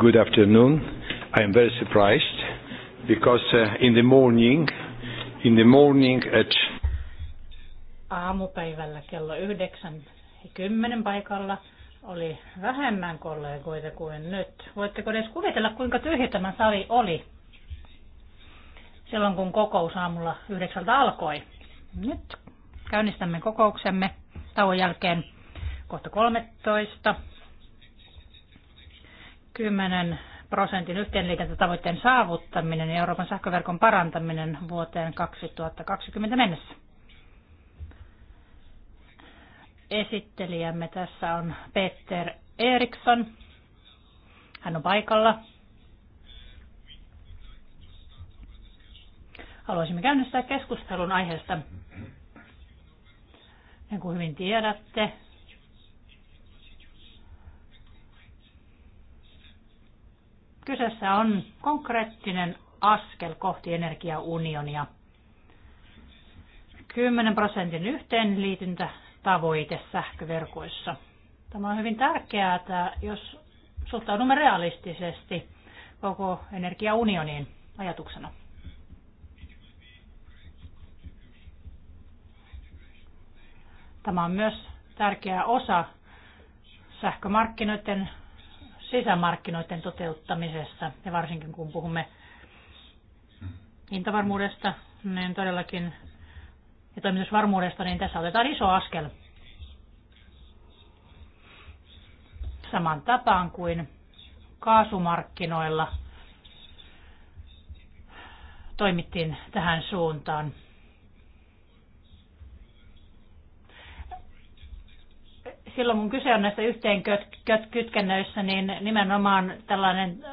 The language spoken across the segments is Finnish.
Good afternoon. I am very surprised because uh, in the morning, in the morning at aamupäivällä kello 9.10 paikalla oli vähemmän kollegoita kuin nyt. Voitteko edes kuvitella, kuinka tyhjä tämä sali oli silloin, kun kokous aamulla yhdeksältä alkoi? Nyt käynnistämme kokouksemme tauon jälkeen kohta 13. 10 prosentin tavoitteen saavuttaminen ja Euroopan sähköverkon parantaminen vuoteen 2020 mennessä. Esittelijämme tässä on Peter Eriksson. Hän on paikalla. Haluaisimme käynnistää keskustelun aiheesta. Niin kuin hyvin tiedätte, Kyseessä on konkreettinen askel kohti energiaunionia. 10 prosentin yhteenliityntä tavoite sähköverkoissa. Tämä on hyvin tärkeää, että jos suhtaudumme realistisesti koko energiaunionin ajatuksena. Tämä on myös tärkeä osa sähkömarkkinoiden sisämarkkinoiden toteuttamisessa. Ja varsinkin kun puhumme hintavarmuudesta, niin todellakin ja toimitusvarmuudesta, niin tässä otetaan iso askel saman tapaan kuin kaasumarkkinoilla toimittiin tähän suuntaan. silloin kun kyse on näistä kytkennöissä, niin nimenomaan tällainen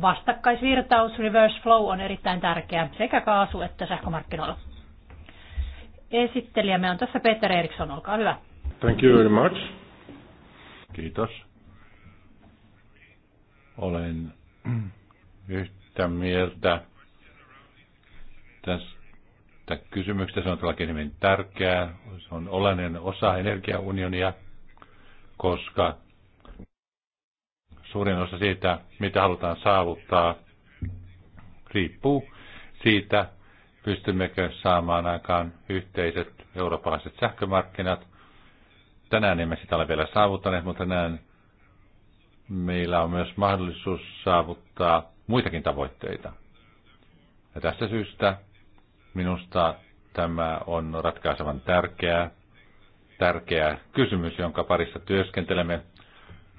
vastakkaisvirtaus, reverse flow, on erittäin tärkeä sekä kaasu- että sähkömarkkinoilla. Esittelijämme on tässä Peter Eriksson, olkaa hyvä. Thank you very much. Kiitos. Olen yhtä mieltä tästä tästä kysymyksestä. Se on todellakin hyvin tärkeää. Se on olennainen osa energiaunionia, koska suurin osa siitä, mitä halutaan saavuttaa, riippuu siitä, pystymmekö saamaan aikaan yhteiset eurooppalaiset sähkömarkkinat. Tänään emme sitä ole vielä saavuttaneet, mutta tänään meillä on myös mahdollisuus saavuttaa muitakin tavoitteita. Ja tästä syystä Minusta tämä on ratkaisevan tärkeä, tärkeä kysymys, jonka parissa työskentelemme.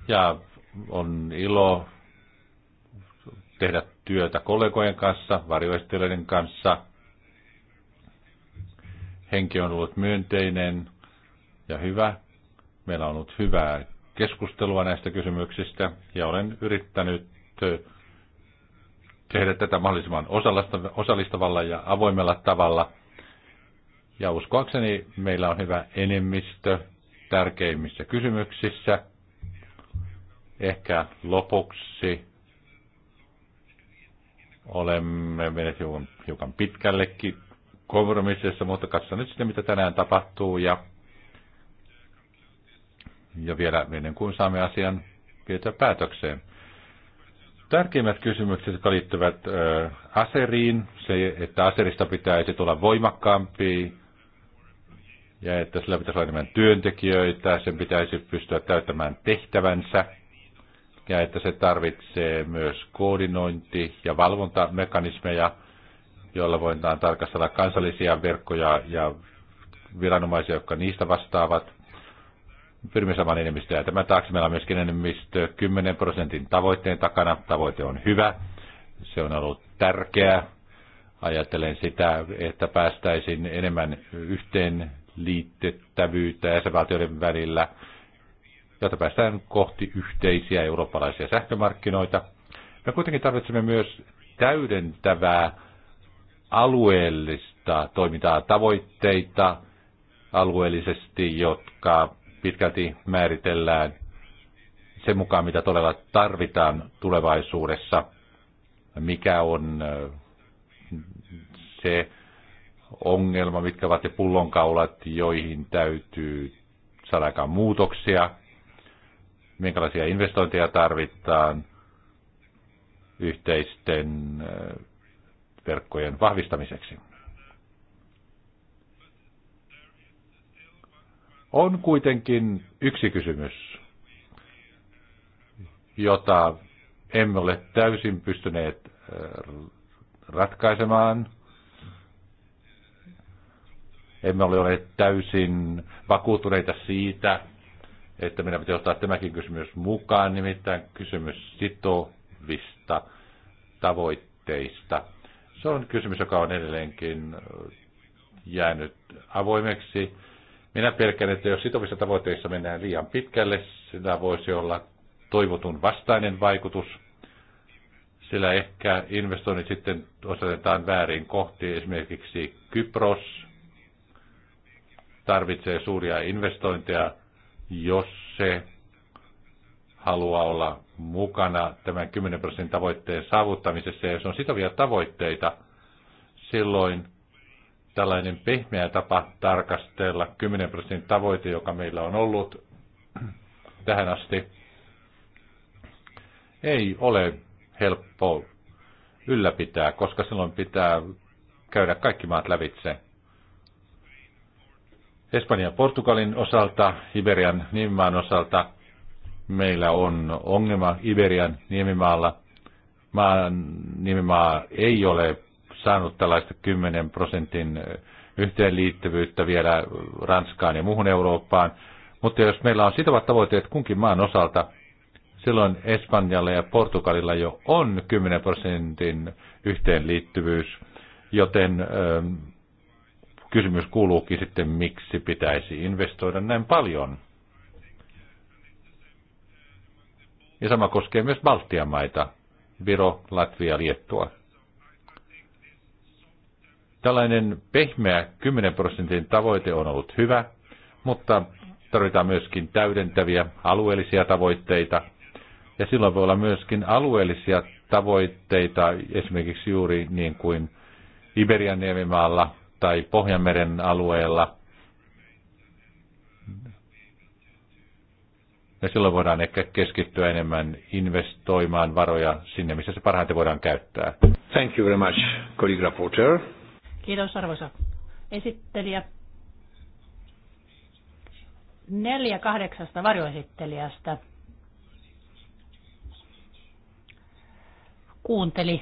Ja on ilo tehdä työtä kollegojen kanssa, varjoistelijoiden kanssa. Henki on ollut myönteinen ja hyvä. Meillä on ollut hyvää keskustelua näistä kysymyksistä ja olen yrittänyt tehdä tätä mahdollisimman osallistavalla ja avoimella tavalla. Ja uskoakseni meillä on hyvä enemmistö tärkeimmissä kysymyksissä. Ehkä lopuksi olemme menneet hiukan pitkällekin kompromississa, mutta katsotaan nyt sitten, mitä tänään tapahtuu. Ja, ja vielä ennen kuin saamme asian vietyä päätökseen. Tärkeimmät kysymykset, jotka liittyvät aseriin, se, että aserista pitäisi tulla voimakkaampi ja että sillä pitäisi olla enemmän työntekijöitä, sen pitäisi pystyä täyttämään tehtävänsä ja että se tarvitsee myös koordinointi- ja valvontamekanismeja, joilla voidaan tarkastella kansallisia verkkoja ja viranomaisia, jotka niistä vastaavat pyrimme saamaan enemmistöä. Tämän taakse meillä on myöskin enemmistö 10 prosentin tavoitteen takana. Tavoite on hyvä. Se on ollut tärkeää. Ajattelen sitä, että päästäisiin enemmän yhteen liittettävyyttä jäsenvaltioiden välillä, jotta päästään kohti yhteisiä eurooppalaisia sähkömarkkinoita. Me kuitenkin tarvitsemme myös täydentävää alueellista toimintaa, tavoitteita alueellisesti, jotka pitkälti määritellään sen mukaan, mitä todella tarvitaan tulevaisuudessa, mikä on se ongelma, mitkä ovat ne pullonkaulat, joihin täytyy saada aikaan muutoksia, minkälaisia investointeja tarvitaan yhteisten verkkojen vahvistamiseksi. On kuitenkin yksi kysymys, jota emme ole täysin pystyneet äh, ratkaisemaan. Emme ole olleet täysin vakuutuneita siitä, että meidän pitää ottaa tämäkin kysymys mukaan, nimittäin kysymys sitovista tavoitteista. Se on kysymys, joka on edelleenkin äh, jäänyt avoimeksi minä pelkään, että jos sitovissa tavoitteissa mennään liian pitkälle, sillä voisi olla toivotun vastainen vaikutus, sillä ehkä investoinnit sitten osoitetaan väärin kohti. Esimerkiksi Kypros tarvitsee suuria investointeja, jos se haluaa olla mukana tämän 10 prosentin tavoitteen saavuttamisessa. Ja jos on sitovia tavoitteita, silloin tällainen pehmeä tapa tarkastella 10 prosentin tavoite, joka meillä on ollut tähän asti, ei ole helppo ylläpitää, koska silloin pitää käydä kaikki maat lävitse. Espanjan ja Portugalin osalta, Iberian niemimaan osalta, meillä on ongelma Iberian niemimaalla. Maan niemimaa ei ole saanut tällaista 10 prosentin yhteenliittyvyyttä vielä Ranskaan ja muuhun Eurooppaan. Mutta jos meillä on sitovat tavoitteet kunkin maan osalta, silloin Espanjalla ja Portugalilla jo on 10 prosentin yhteenliittyvyys, joten ö, kysymys kuuluukin sitten, miksi pitäisi investoida näin paljon. Ja sama koskee myös Baltian maita, Viro, Latvia, Liettua. Tällainen pehmeä 10 prosentin tavoite on ollut hyvä, mutta tarvitaan myöskin täydentäviä alueellisia tavoitteita. Ja silloin voi olla myöskin alueellisia tavoitteita, esimerkiksi juuri niin kuin Iberian niemimaalla tai Pohjanmeren alueella. Ja silloin voidaan ehkä keskittyä enemmän investoimaan varoja sinne, missä se parhaiten voidaan käyttää. Thank you very much, colleague Kiitos arvoisa esittelijä. Neljä kahdeksasta varjoesittelijästä kuunteli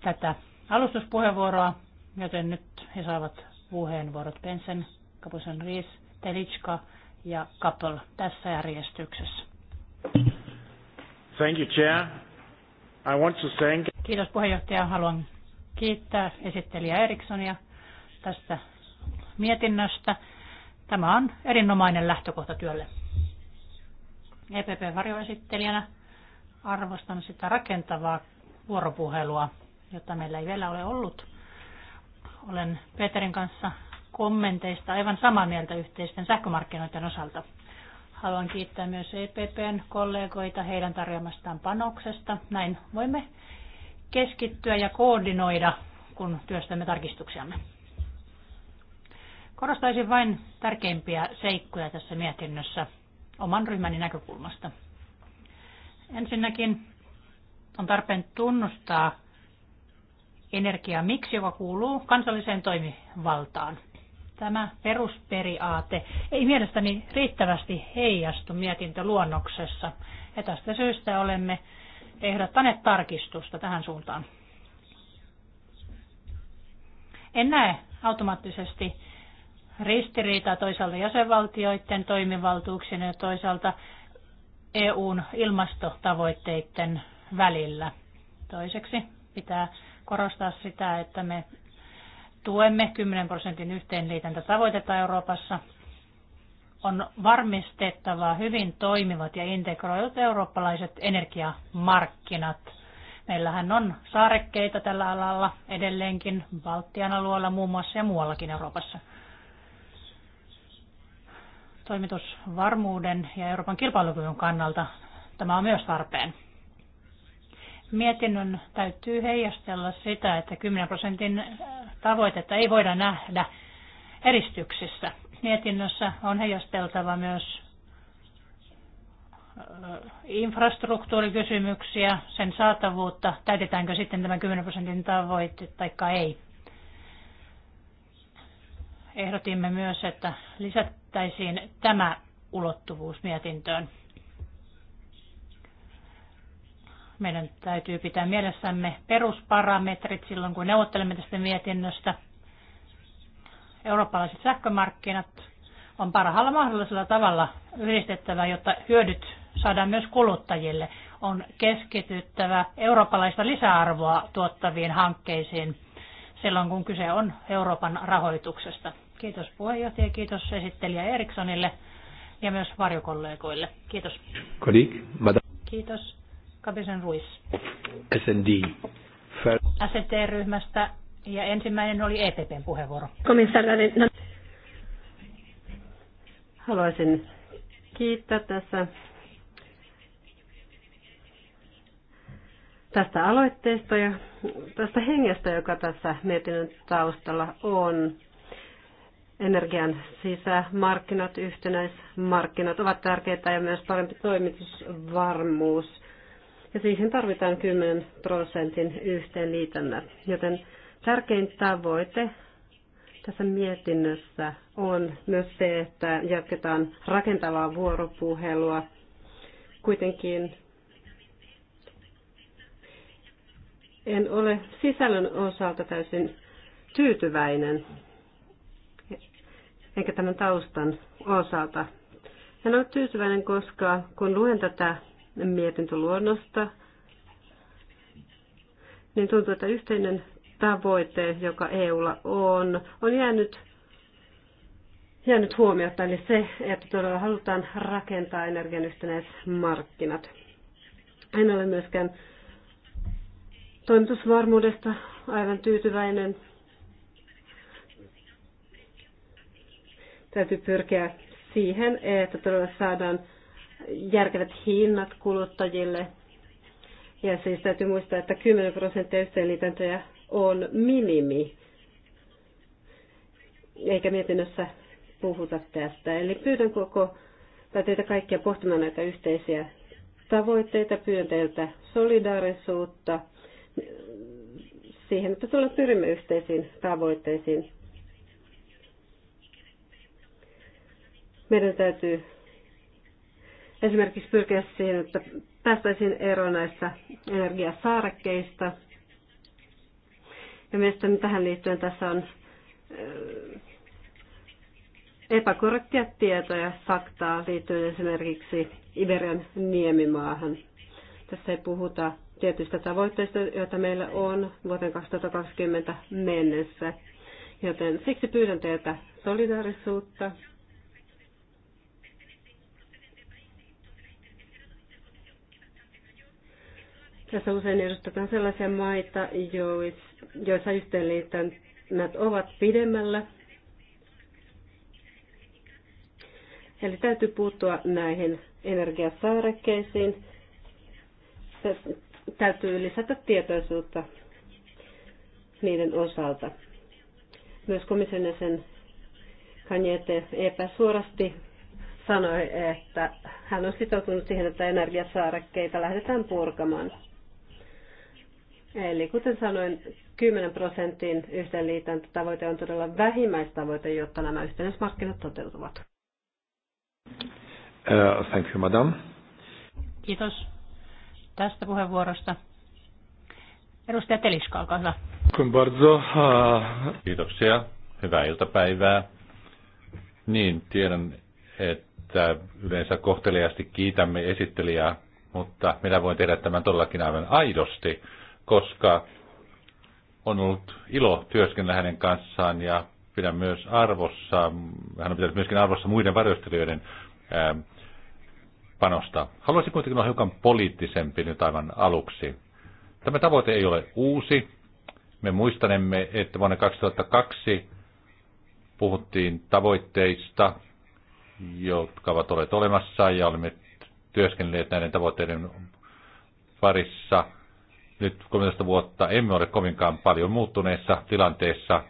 tätä alustuspuheenvuoroa, joten nyt he saavat puheenvuorot Pensen, Kapusen Riis, Telitska ja Kappel tässä järjestyksessä. Thank you, Chair. I want to thank... Kiitos puheenjohtaja. Haluan kiittää esittelijä Erikssonia tästä mietinnöstä. Tämä on erinomainen lähtökohta työlle. EPP-varjoesittelijänä arvostan sitä rakentavaa vuoropuhelua, jota meillä ei vielä ole ollut. Olen Peterin kanssa kommenteista aivan samaa mieltä yhteisten sähkömarkkinoiden osalta. Haluan kiittää myös EPPn kollegoita heidän tarjoamastaan panoksesta. Näin voimme keskittyä ja koordinoida, kun työstämme tarkistuksiamme. Korostaisin vain tärkeimpiä seikkoja tässä mietinnössä oman ryhmäni näkökulmasta. Ensinnäkin on tarpeen tunnustaa miksi joka kuuluu kansalliseen toimivaltaan. Tämä perusperiaate ei mielestäni riittävästi heijastu mietintöluonnoksessa, ja tästä syystä olemme ehdottaneet tarkistusta tähän suuntaan. En näe automaattisesti ristiriitaa toisaalta jäsenvaltioiden toimivaltuuksien ja toisaalta EUn ilmastotavoitteiden välillä. Toiseksi pitää korostaa sitä, että me tuemme 10 prosentin yhteenliitäntä tavoitetta Euroopassa on varmistettava hyvin toimivat ja integroidut eurooppalaiset energiamarkkinat. Meillähän on saarekkeita tällä alalla edelleenkin Baltian alueella muun muassa ja muuallakin Euroopassa. Toimitusvarmuuden ja Euroopan kilpailukyvyn kannalta tämä on myös tarpeen. Mietinnön täytyy heijastella sitä, että 10 prosentin tavoitetta ei voida nähdä eristyksissä – mietinnössä on heijasteltava myös infrastruktuurikysymyksiä, sen saatavuutta, täytetäänkö sitten tämä 10 prosentin tavoite tai ei. Ehdotimme myös, että lisättäisiin tämä ulottuvuus mietintöön. Meidän täytyy pitää mielessämme perusparametrit silloin, kun neuvottelemme tästä mietinnöstä – eurooppalaiset sähkömarkkinat on parhaalla mahdollisella tavalla yhdistettävä, jotta hyödyt saadaan myös kuluttajille. On keskityttävä eurooppalaista lisäarvoa tuottaviin hankkeisiin silloin, kun kyse on Euroopan rahoituksesta. Kiitos puheenjohtaja, kiitos esittelijä Erikssonille ja myös varjokollegoille. Kiitos. Kiitos. Kapisen Ruiz. SND. SNT-ryhmästä ja ensimmäinen oli EPPn puheenvuoro. Komissarinen. No. Haluaisin kiittää tässä tästä aloitteesta ja tästä hengestä, joka tässä mietinnön taustalla on. Energian sisämarkkinat, yhtenäismarkkinat ovat tärkeitä ja myös parempi toimitusvarmuus. Ja siihen tarvitaan 10 prosentin yhteenliitännät, joten Tärkein tavoite tässä mietinnössä on myös se, että jatketaan rakentavaa vuoropuhelua. Kuitenkin en ole sisällön osalta täysin tyytyväinen, eikä tämän taustan osalta. En ole tyytyväinen, koska kun luen tätä mietintöluonnosta, niin tuntuu, että yhteinen tavoite, joka EUlla on, on jäänyt, jäänyt huomiota, eli se, että todella halutaan rakentaa energian markkinat. En ole myöskään toimitusvarmuudesta aivan tyytyväinen. Täytyy pyrkiä siihen, että todella saadaan järkevät hinnat kuluttajille. Ja siis täytyy muistaa, että 10 prosenttia yhteenliitäntöjä on minimi, eikä mietinnössä puhuta tästä. Eli pyydän koko, tai teitä kaikkia pohtimaan näitä yhteisiä tavoitteita, pyydän teiltä solidaarisuutta siihen, että tuolla pyrimme yhteisiin tavoitteisiin. Meidän täytyy esimerkiksi pyrkiä siihen, että päästäisiin eroon näistä energiasaarekkeista – ja mielestäni tähän liittyen tässä on epäkorrektia tietoja, faktaa liittyen esimerkiksi Iberian niemimaahan. Tässä ei puhuta tietyistä tavoitteista, joita meillä on vuoteen 2020 mennessä. Joten siksi pyydän teiltä solidaarisuutta Tässä usein edustetaan sellaisia maita, joissa yhteenliittymät ovat pidemmällä. Eli täytyy puuttua näihin energiasaarekkeisiin. Se täytyy lisätä tietoisuutta niiden osalta. Myös komission jäsen Kanjete epäsuorasti sanoi, että hän on sitoutunut siihen, että energiasaarekkeita lähdetään purkamaan. Eli kuten sanoin, 10 prosentin yhteenliitäntätavoite on todella vähimmäistavoite, jotta nämä yhteismarkkinat toteutuvat. Uh, thank you, madam. Kiitos tästä puheenvuorosta. Edustaja Teliska, olkaa hyvä. Kiitoksia. Hyvää iltapäivää. Niin, tiedän, että yleensä kohteliaasti kiitämme esittelijää, mutta minä voin tehdä tämän todellakin aivan aidosti koska on ollut ilo työskennellä hänen kanssaan ja pidän myös arvossa, hän on pitänyt myöskin arvossa muiden varjostelijoiden panosta. Haluaisin kuitenkin olla hiukan poliittisempi nyt aivan aluksi. Tämä tavoite ei ole uusi. Me muistanemme, että vuonna 2002 puhuttiin tavoitteista, jotka ovat olleet olemassa ja olemme työskennelleet näiden tavoitteiden parissa – nyt 13 vuotta emme ole kovinkaan paljon muuttuneessa tilanteessa.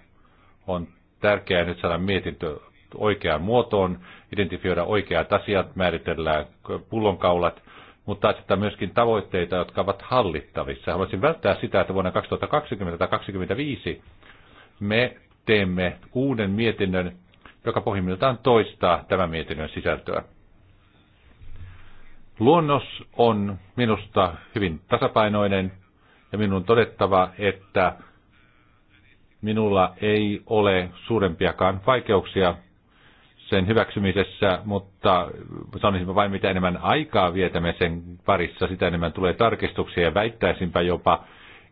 On tärkeää nyt saada mietintö oikeaan muotoon, identifioida oikeat asiat, määritellään pullonkaulat, mutta asettaa myöskin tavoitteita, jotka ovat hallittavissa. Haluaisin välttää sitä, että vuonna 2020 tai 2025 me teemme uuden mietinnön, joka pohjimmiltaan toistaa tämän mietinnön sisältöä. Luonnos on minusta hyvin tasapainoinen ja minun on todettava, että minulla ei ole suurempiakaan vaikeuksia sen hyväksymisessä, mutta sanoisinpä vain mitä enemmän aikaa vietämme sen parissa, sitä enemmän tulee tarkistuksia ja väittäisinpä jopa,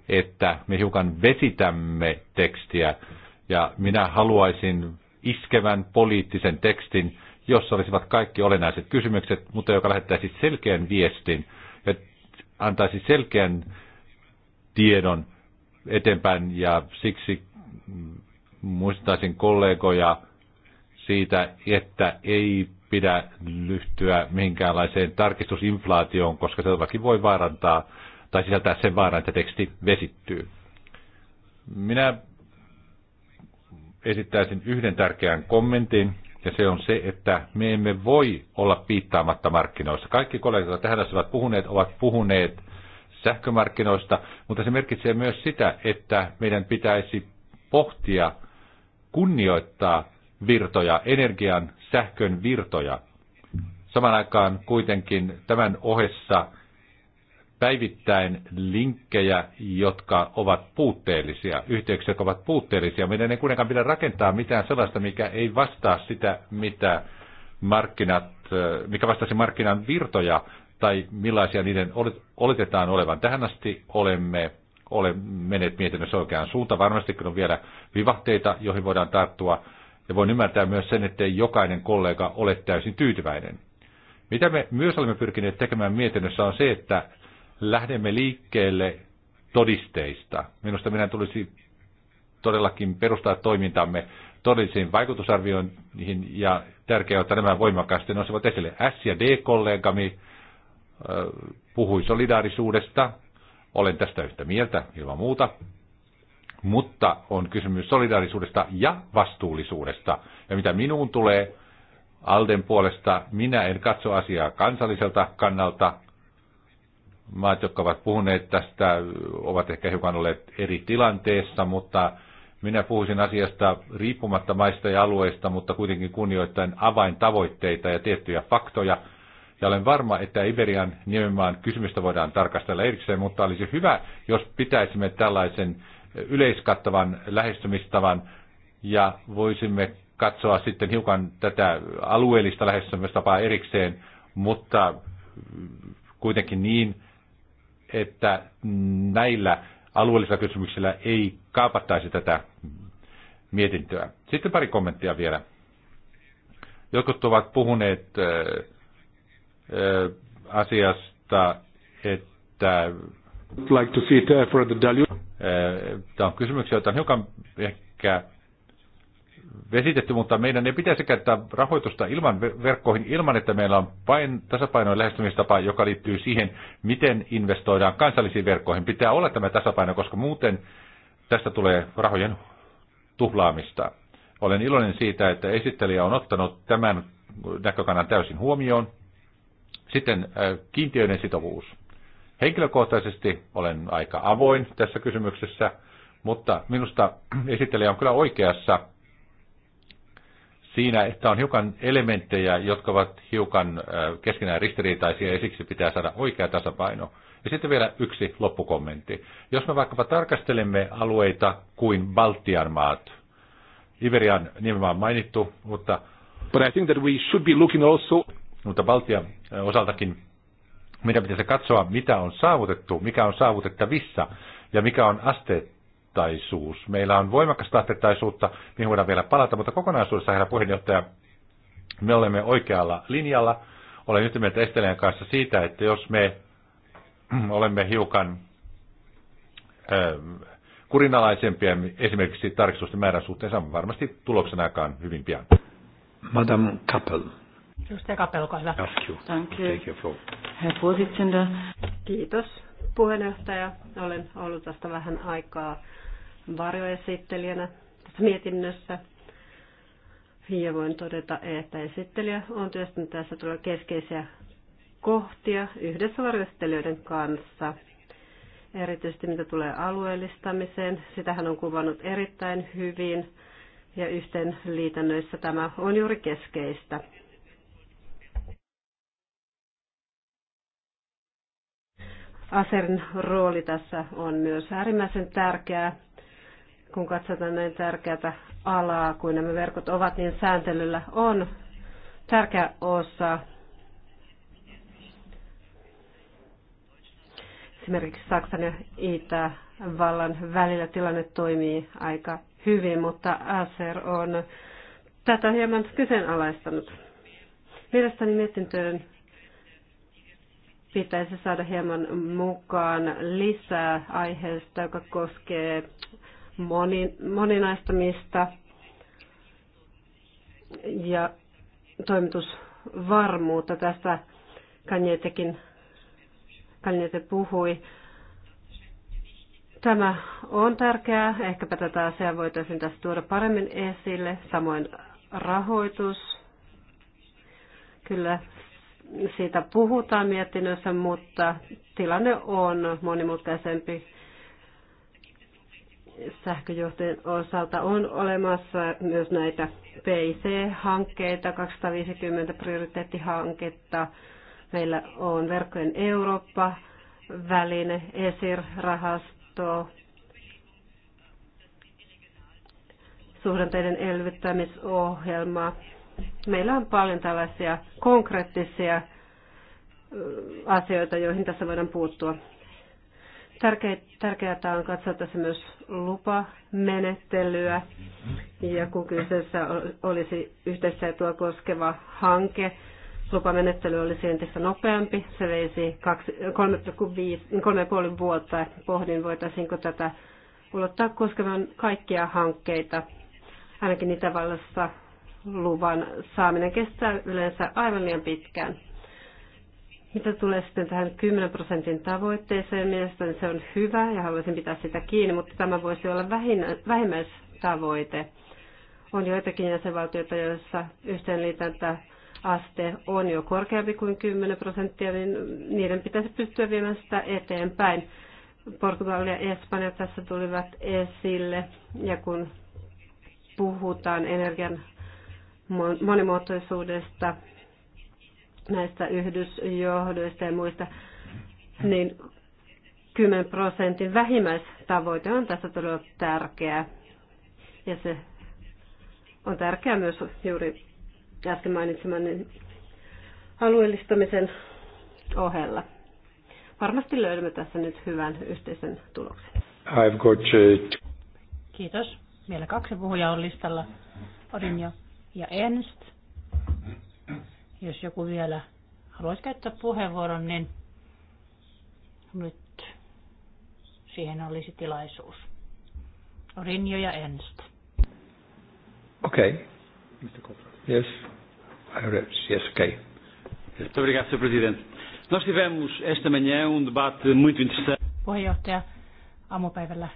että me hiukan vesitämme tekstiä ja minä haluaisin iskevän poliittisen tekstin, jossa olisivat kaikki olennaiset kysymykset, mutta joka lähettäisi selkeän viestin ja antaisi selkeän tiedon eteenpäin ja siksi muistaisin kollegoja siitä, että ei pidä lyhtyä minkäänlaiseen tarkistusinflaatioon, koska se todellakin voi vaarantaa tai sisältää sen vaaran, että teksti vesittyy. Minä esittäisin yhden tärkeän kommentin, ja se on se, että me emme voi olla piittaamatta markkinoista. Kaikki kollegat, jotka tähän asti ovat puhuneet, ovat puhuneet sähkömarkkinoista, mutta se merkitsee myös sitä, että meidän pitäisi pohtia, kunnioittaa virtoja, energian, sähkön virtoja. Saman aikaan kuitenkin tämän ohessa päivittäin linkkejä, jotka ovat puutteellisia, yhteyksiä, jotka ovat puutteellisia. Meidän ei kuitenkaan pidä rakentaa mitään sellaista, mikä ei vastaa sitä, mitä markkinat, mikä vastaisi markkinan virtoja, tai millaisia niiden oletetaan olevan. Tähän asti olemme ole menneet mietinnössä oikeaan suuntaan. kun on vielä vivahteita, joihin voidaan tarttua. Ja voin ymmärtää myös sen, että jokainen kollega ole täysin tyytyväinen. Mitä me myös olemme pyrkineet tekemään mietinnössä on se, että lähdemme liikkeelle todisteista. Minusta meidän tulisi todellakin perustaa toimintamme todellisiin vaikutusarvioihin ja tärkeää, että nämä voimakkaasti nousevat esille. S- ja D-kollegami puhui solidaarisuudesta. Olen tästä yhtä mieltä ilman muuta. Mutta on kysymys solidaarisuudesta ja vastuullisuudesta. Ja mitä minuun tulee, Alden puolesta minä en katso asiaa kansalliselta kannalta. Maat, jotka ovat puhuneet tästä, ovat ehkä hiukan olleet eri tilanteessa, mutta minä puhuisin asiasta riippumatta maista ja alueista, mutta kuitenkin kunnioittain avaintavoitteita ja tiettyjä faktoja – ja olen varma, että Iberian nimenomaan kysymystä voidaan tarkastella erikseen, mutta olisi hyvä, jos pitäisimme tällaisen yleiskattavan lähestymistavan ja voisimme katsoa sitten hiukan tätä alueellista lähestymistapaa erikseen, mutta kuitenkin niin, että näillä alueellisilla kysymyksillä ei kaapattaisi tätä mietintöä. Sitten pari kommenttia vielä. Jotkut ovat puhuneet äh, asiasta, että like to see it uh, for the dilute. Tämä on kysymyksiä, joita on hiukan ehkä vesitetty, mutta meidän ei pitäisi käyttää rahoitusta ilman verkkoihin ilman, että meillä on pain, tasapainoinen lähestymistapa, joka liittyy siihen, miten investoidaan kansallisiin verkkoihin. Pitää olla tämä tasapaino, koska muuten tästä tulee rahojen tuhlaamista. Olen iloinen siitä, että esittelijä on ottanut tämän näkökannan täysin huomioon. Sitten äh, kiintiöiden sitovuus. Henkilökohtaisesti olen aika avoin tässä kysymyksessä, mutta minusta esittelijä on kyllä oikeassa siinä, että on hiukan elementtejä, jotka ovat hiukan äh, keskenään ristiriitaisia ja siksi pitää saada oikea tasapaino. Ja sitten vielä yksi loppukommentti. Jos me vaikkapa tarkastelemme alueita kuin Baltian maat, Iberian nimenomaan mainittu, mutta But I think that we should be looking also mutta valtia osaltakin meidän pitäisi katsoa, mitä on saavutettu, mikä on saavutettavissa ja mikä on asteettaisuus. Meillä on voimakasta asteettaisuutta, mihin voidaan vielä palata, mutta kokonaisuudessa, herra puheenjohtaja, me olemme oikealla linjalla. Olen yhtä mieltä Estelian kanssa siitä, että jos me olemme hiukan kurinalaisempia esimerkiksi tarkistusten määrän suhteen, saamme varmasti tuloksen aikaan hyvin pian. Madame Kappel. Edustaja Kapel, olkaa hyvä. Thank you. Herr Vorsitzender. Kiitos puheenjohtaja. Olen ollut tästä vähän aikaa varjoesittelijänä tässä mietinnössä. Ja voin todeta, että esittelijä on työstänyt tässä tulee keskeisiä kohtia yhdessä varjoesittelijöiden kanssa. Erityisesti mitä tulee alueellistamiseen, sitähän on kuvannut erittäin hyvin ja yhteenliitännöissä tämä on juuri keskeistä. Aserin rooli tässä on myös äärimmäisen tärkeää. Kun katsotaan näin tärkeätä alaa kuin nämä verkot ovat, niin sääntelyllä on tärkeä osa esimerkiksi Saksan ja Itävallan välillä tilanne toimii aika hyvin, mutta ASER on tätä hieman kyseenalaistanut. Mielestäni mietintöön pitäisi saada hieman mukaan lisää aiheesta, joka koskee moni, moninaistamista ja toimitusvarmuutta. Tästä Kanjetekin Kanjete puhui. Tämä on tärkeää. Ehkäpä tätä asiaa voitaisiin tässä tuoda paremmin esille. Samoin rahoitus. Kyllä siitä puhutaan mietinnössä, mutta tilanne on monimutkaisempi. Sähköjohtojen osalta on olemassa myös näitä PIC-hankkeita, 250 prioriteettihanketta. Meillä on verkkojen Eurooppa-väline, ESIR-rahasto, suhdanteiden elvyttämisohjelma Meillä on paljon tällaisia konkreettisia asioita, joihin tässä voidaan puuttua. Tärkeää on katsoa tässä myös lupamenettelyä ja kun kyseessä olisi etua koskeva hanke, lupamenettely olisi entistä nopeampi. Se veisi 3,5 vuotta. Pohdin, voitaisiinko tätä ulottaa koskemaan kaikkia hankkeita. Ainakin Itävallassa luvan saaminen kestää yleensä aivan liian pitkään. Mitä tulee sitten tähän 10 prosentin tavoitteeseen, mielestäni se on hyvä ja haluaisin pitää sitä kiinni, mutta tämä voisi olla vähimmäistavoite. On joitakin jäsenvaltioita, joissa yhteenliitäntä aste on jo korkeampi kuin 10 prosenttia, niin niiden pitäisi pystyä viemään sitä eteenpäin. Portugali ja Espanja tässä tulivat esille, ja kun puhutaan energian monimuotoisuudesta, näistä yhdysjohdoista ja muista, niin 10 prosentin vähimmäistavoite on tässä todella tärkeä. Ja se on tärkeää myös juuri äsken mainitsemani alueellistamisen ohella. Varmasti löydämme tässä nyt hyvän yhteisen tuloksen. I've got uh, Kiitos. Vielä kaksi puhujaa on listalla. Odin jo ja Ernst. Jos joku vielä haluaisi käyttää puheenvuoron, niin nyt siihen olisi tilaisuus. Rinjo ja Ernst. Okei. Okay. Yes. I read. Yes, okay. Muito obrigado, Sr. Presidente. Nós tivemos esta manhã um debate muito interessante. Puheenjohtaja, aamupäivällä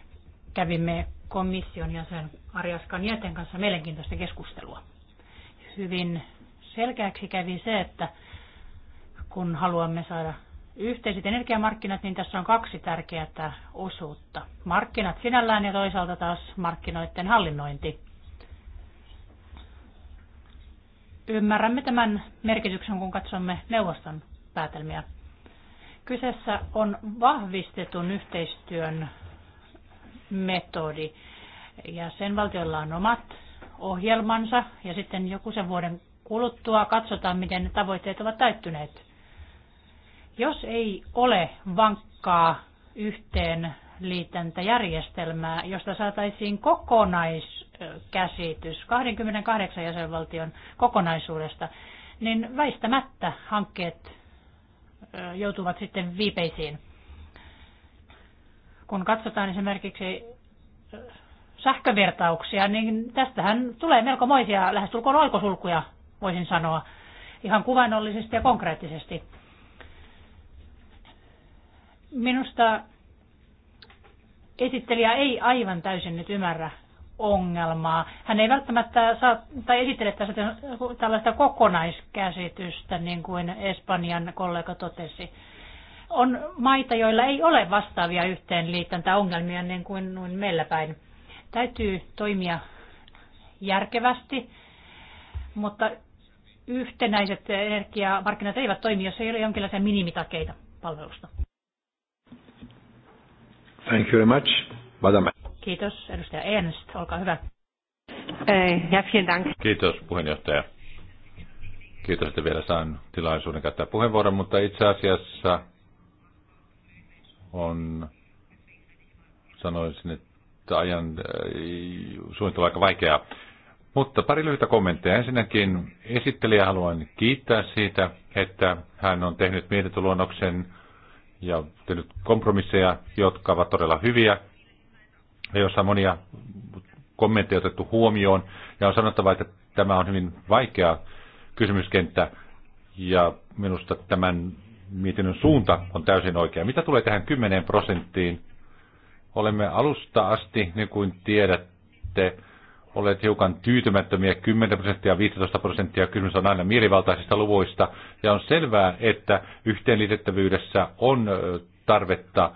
kävimme komission jäsen Arjaskan jäten kanssa mielenkiintoista keskustelua hyvin selkeäksi kävi se, että kun haluamme saada yhteiset energiamarkkinat, niin tässä on kaksi tärkeää osuutta. Markkinat sinällään ja toisaalta taas markkinoiden hallinnointi. Ymmärrämme tämän merkityksen, kun katsomme neuvoston päätelmiä. Kyseessä on vahvistetun yhteistyön metodi. ja valtiolla on omat ohjelmansa ja sitten joku sen vuoden kuluttua katsotaan, miten ne tavoitteet ovat täyttyneet. Jos ei ole vankkaa yhteen liitäntäjärjestelmää, josta saataisiin kokonaiskäsitys 28 jäsenvaltion kokonaisuudesta, niin väistämättä hankkeet joutuvat sitten viipeisiin. Kun katsotaan esimerkiksi Sähkövertauksia, niin tästähän tulee melko moisia lähestulkoon oikosulkuja, voisin sanoa, ihan kuvainnollisesti ja konkreettisesti. Minusta esittelijä ei aivan täysin nyt ymmärrä ongelmaa. Hän ei välttämättä saa, tai esittele tällaista kokonaiskäsitystä, niin kuin Espanjan kollega totesi. On maita, joilla ei ole vastaavia yhteenliitäntäongelmia niin kuin meillä päin. Täytyy toimia järkevästi, mutta yhtenäiset energiamarkkinat eivät toimi, jos ei ole jonkinlaisia minimitakeita palvelusta. Thank you very much, Madame. Kiitos, edustaja Ernst. Olkaa hyvä. Eh, ja dank. Kiitos, puheenjohtaja. Kiitos, että vielä saan tilaisuuden käyttää puheenvuoron, mutta itse asiassa on, sanoisin, että ajan äh, suunnittelu aika vaikeaa. Mutta pari lyhyitä kommentteja. Ensinnäkin esittelijä haluan kiittää siitä, että hän on tehnyt mietintöluonnoksen ja tehnyt kompromisseja, jotka ovat todella hyviä ja jossa on monia kommentteja otettu huomioon. Ja on sanottava, että tämä on hyvin vaikea kysymyskenttä ja minusta tämän mietinnön suunta on täysin oikea. Mitä tulee tähän 10 prosenttiin, Olemme alusta asti, niin kuin tiedätte, olleet hiukan tyytymättömiä, 10 prosenttia, 15 prosenttia, kysymys on aina mielivaltaisista luvuista, ja on selvää, että yhteenliitettävyydessä on tarvetta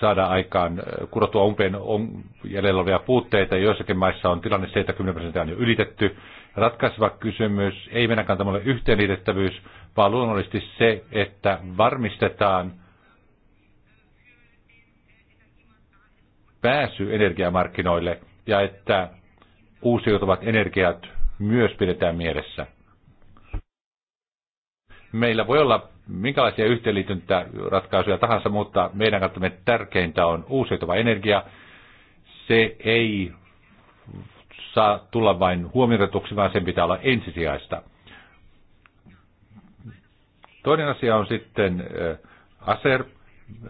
saada aikaan kurottua umpeen on jäljellä olevia puutteita, ja joissakin maissa on tilanne 70 prosenttia on jo ylitetty. Ratkaiseva kysymys ei mennäkään tämmöinen yhteenliitettävyys, vaan luonnollisesti se, että varmistetaan – pääsy energiamarkkinoille ja että uusiutuvat energiat myös pidetään mielessä. Meillä voi olla minkälaisia yhteenliityntäratkaisuja tahansa, mutta meidän kantamme tärkeintä on uusiutuva energia. Se ei saa tulla vain huomioitetuksi, vaan sen pitää olla ensisijaista. Toinen asia on sitten ASER.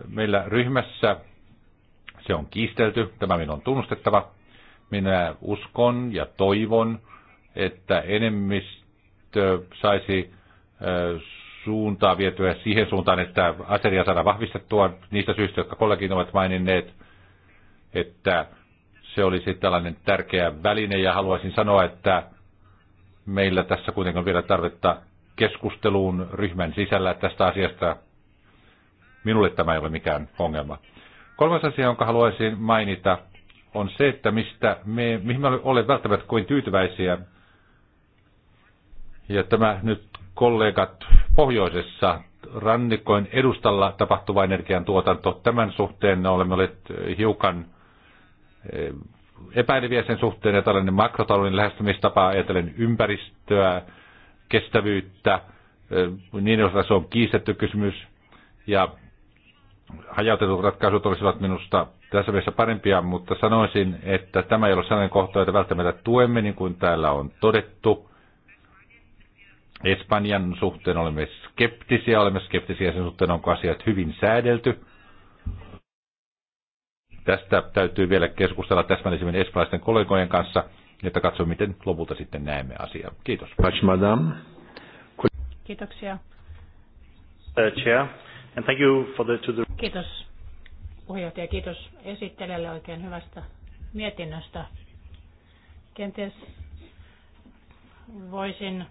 Meillä ryhmässä se on kiistelty, tämä minun on tunnustettava. Minä uskon ja toivon, että enemmistö saisi suuntaa vietyä siihen suuntaan, että aseria saadaan vahvistettua niistä syistä, jotka kollegit ovat maininneet, että se olisi tällainen tärkeä väline ja haluaisin sanoa, että meillä tässä kuitenkin on vielä tarvetta keskusteluun ryhmän sisällä tästä asiasta. Minulle tämä ei ole mikään ongelma. Kolmas asia, jonka haluaisin mainita, on se, että mistä me, mihin me olemme välttämättä kuin tyytyväisiä. Ja tämä nyt kollegat pohjoisessa rannikkojen edustalla tapahtuva energiantuotanto. Tämän suhteen olemme olleet eh, hiukan eh, epäileviä sen suhteen, ja tällainen makrotalouden lähestymistapa ajatellen ympäristöä, kestävyyttä, eh, niin osalta se on kiistetty kysymys. Ja hajautetut ratkaisut olisivat minusta tässä mielessä parempia, mutta sanoisin, että tämä ei ole sellainen kohta, jota välttämättä tuemme, niin kuin täällä on todettu. Espanjan suhteen olemme skeptisiä, olemme skeptisiä sen suhteen, onko asiat hyvin säädelty. Tästä täytyy vielä keskustella täsmällisemmin espanjalaisten kollegojen kanssa, että katso, miten lopulta sitten näemme asiaa. Kiitos. Kiitoksia. Chair. And thank you for the, to the... Kiitos puheenjohtaja, kiitos esittelijälle oikein hyvästä mietinnöstä. Kenties voisin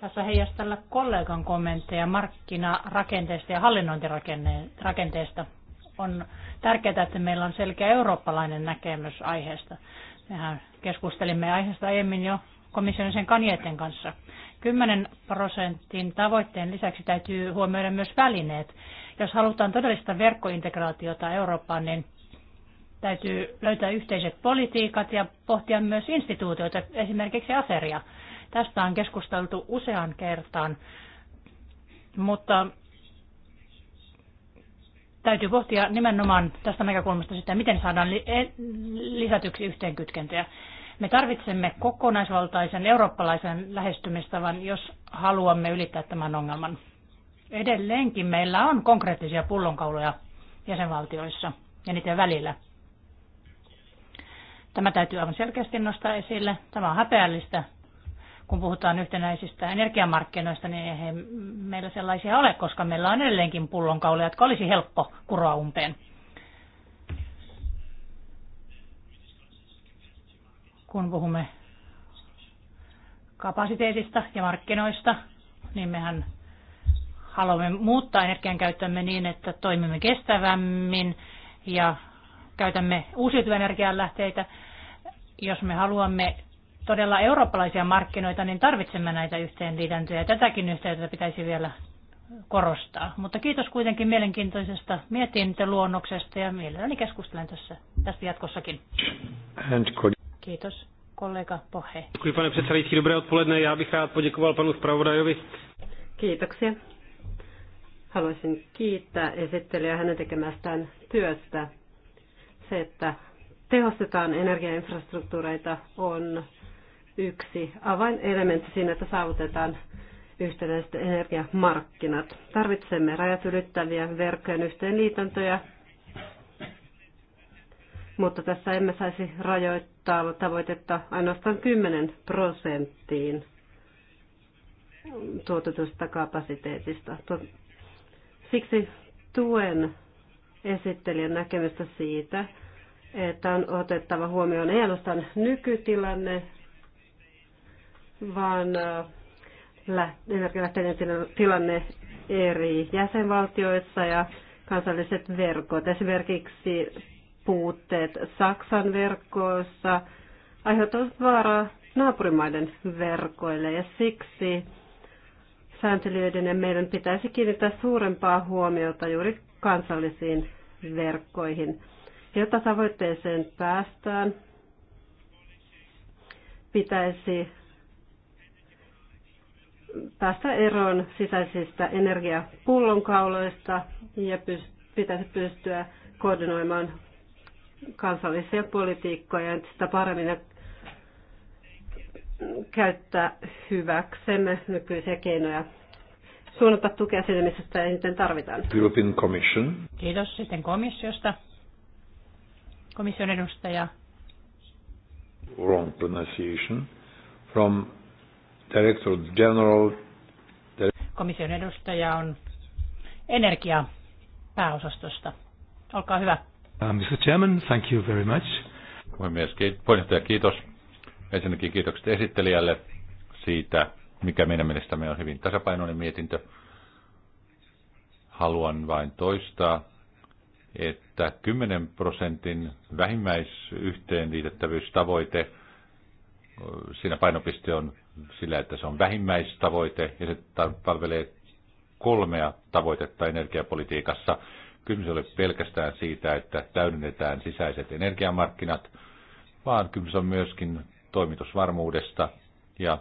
tässä heijastella kollegan kommentteja markkinarakenteesta ja hallinnointirakenteesta. On tärkeää, että meillä on selkeä eurooppalainen näkemys aiheesta. Mehän keskustelimme aiheesta aiemmin jo komission sen kanjeten kanssa. 10 prosentin tavoitteen lisäksi täytyy huomioida myös välineet. Jos halutaan todellista verkkointegraatiota Eurooppaan, niin täytyy löytää yhteiset politiikat ja pohtia myös instituutioita, esimerkiksi aseria. Tästä on keskusteltu useaan kertaan, mutta täytyy pohtia nimenomaan tästä näkökulmasta sitä, miten saadaan e- lisätyksi yhteenkytkentöjä. Me tarvitsemme kokonaisvaltaisen eurooppalaisen lähestymistavan, jos haluamme ylittää tämän ongelman. Edelleenkin meillä on konkreettisia pullonkauloja jäsenvaltioissa ja niiden välillä. Tämä täytyy aivan selkeästi nostaa esille. Tämä on häpeällistä. Kun puhutaan yhtenäisistä energiamarkkinoista, niin ei meillä sellaisia ole, koska meillä on edelleenkin pullonkauloja, jotka olisi helppo kuroa umpeen. kun puhumme kapasiteetista ja markkinoista, niin mehän haluamme muuttaa energiankäyttömme niin, että toimimme kestävämmin ja käytämme uusiutuvia energianlähteitä. Jos me haluamme todella eurooppalaisia markkinoita, niin tarvitsemme näitä yhteenliitäntöjä. Tätäkin yhteyttä pitäisi vielä korostaa. Mutta kiitos kuitenkin mielenkiintoisesta mietintöluonnoksesta ja mielelläni keskustelen tässä, tästä jatkossakin. Kiitos, kollega Pohe. Děkuji, pane předsedající. Dobré odpoledne. Já bych rád poděkoval panu zpravodajovi. Kiitoksia. Haluaisin kiittää esittelijää hänen tekemästään työstä. Se, että tehostetaan energiainfrastruktuureita, on yksi avainelementti siinä, että saavutetaan yhtenäiset energiamarkkinat. Tarvitsemme rajat ylittäviä verkkojen yhteenliitäntöjä mutta tässä emme saisi rajoittaa tavoitetta ainoastaan 10 prosenttiin tuotetusta kapasiteetista. Siksi tuen esittelijän näkemystä siitä, että on otettava huomioon ei ainoastaan nykytilanne, vaan äh, energialähteiden tilanne eri jäsenvaltioissa ja kansalliset verkot. Esimerkiksi puutteet Saksan verkoissa aiheuttavat vaaraa naapurimaiden verkoille ja siksi sääntelijöiden ja meidän pitäisi kiinnittää suurempaa huomiota juuri kansallisiin verkkoihin. Jotta tavoitteeseen päästään, pitäisi päästä eroon sisäisistä energiapullonkauloista ja pitäisi pystyä koordinoimaan kansallisia politiikkoja entistä paremmin käyttää hyväksemme nykyisiä keinoja suunnata tukea sinne, missä sitä eniten tarvitaan. European Commission. Kiitos sitten komissiosta. Komission edustaja. Wrong pronunciation. From Director General. Komission edustaja on energia pääosastosta. Olkaa hyvä. Uh, Mr. Chairman, thank you very much. Puhemies, kiit- puheenjohtaja, kiitos. Ensinnäkin kiitokset esittelijälle siitä, mikä meidän mielestämme on hyvin tasapainoinen mietintö. Haluan vain toistaa, että 10 prosentin vähimmäisyhteenliitettävyystavoite, siinä painopiste on sillä, että se on vähimmäistavoite ja se palvelee kolmea tavoitetta energiapolitiikassa. Kysymys ei ole pelkästään siitä, että täydennetään sisäiset energiamarkkinat, vaan kysymys on myöskin toimitusvarmuudesta ja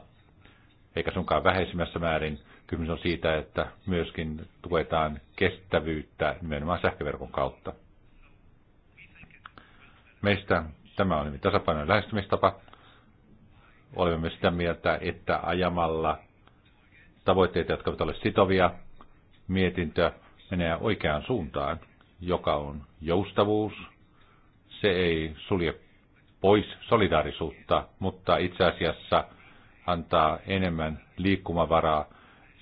eikä sunkaan vähäisimmässä määrin kysymys on siitä, että myöskin tuetaan kestävyyttä nimenomaan sähköverkon kautta. Meistä tämä on hyvin tasapainoinen lähestymistapa. Olemme myös sitä mieltä, että ajamalla tavoitteita, jotka ovat olleet sitovia, mietintö menee oikeaan suuntaan, joka on joustavuus. Se ei sulje pois solidaarisuutta, mutta itse asiassa antaa enemmän liikkumavaraa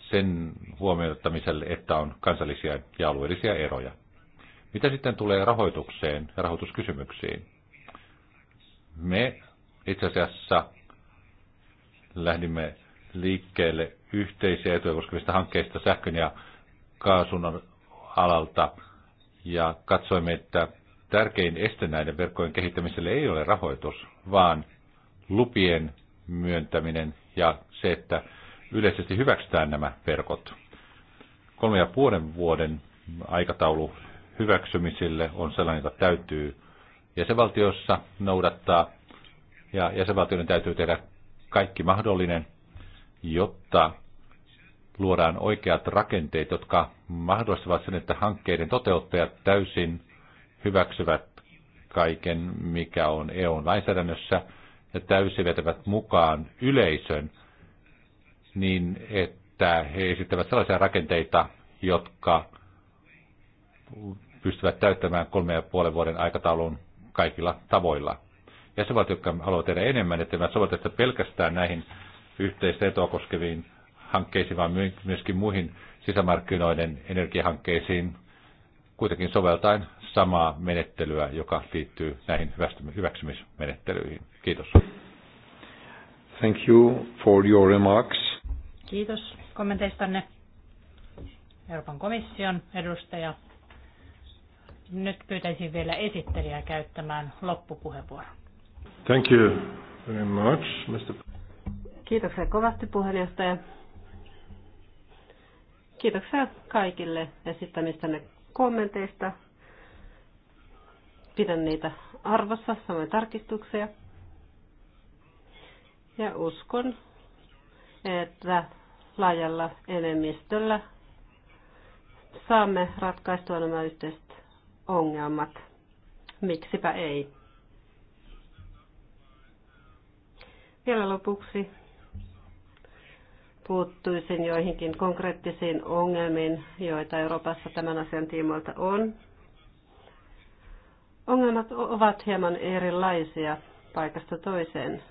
sen huomioittamiselle, että on kansallisia ja alueellisia eroja. Mitä sitten tulee rahoitukseen ja rahoituskysymyksiin? Me itse asiassa lähdimme liikkeelle yhteisiä etuja koskevista hankkeista sähkön ja kaasun alalta ja katsoimme, että tärkein este näiden verkkojen kehittämiselle ei ole rahoitus, vaan lupien myöntäminen ja se, että yleisesti hyväksytään nämä verkot. Kolme ja puolen vuoden aikataulu hyväksymisille on sellainen, jota täytyy jäsenvaltiossa noudattaa, ja jäsenvaltioiden täytyy tehdä kaikki mahdollinen, jotta luodaan oikeat rakenteet, jotka mahdollistavat sen, että hankkeiden toteuttajat täysin hyväksyvät kaiken, mikä on EUn lainsäädännössä, ja täysin vetävät mukaan yleisön niin, että he esittävät sellaisia rakenteita, jotka pystyvät täyttämään kolme ja puolen vuoden aikataulun kaikilla tavoilla. Jäsenvaltiot, jotka haluavat tehdä enemmän, etteivät sovelleta pelkästään näihin yhteistä etua koskeviin hankkeisiin, vaan myöskin muihin sisämarkkinoiden energiahankkeisiin, kuitenkin soveltaen samaa menettelyä, joka liittyy näihin hyväksymismenettelyihin. Kiitos. Thank you for your remarks. Kiitos kommenteistanne. Euroopan komission edustaja. Nyt pyytäisin vielä esittelijää käyttämään loppupuheenvuoro. Thank you very much, Mr. Kiitoksia kovasti puheenjohtaja. Kiitoksia kaikille esittämistänne kommenteista. Pidän niitä arvossa, samoin tarkistuksia. Ja uskon, että laajalla enemmistöllä saamme ratkaistua nämä yhteiset ongelmat. Miksipä ei? Vielä lopuksi puuttuisin joihinkin konkreettisiin ongelmiin, joita Euroopassa tämän asian tiimoilta on. Ongelmat ovat hieman erilaisia paikasta toiseen.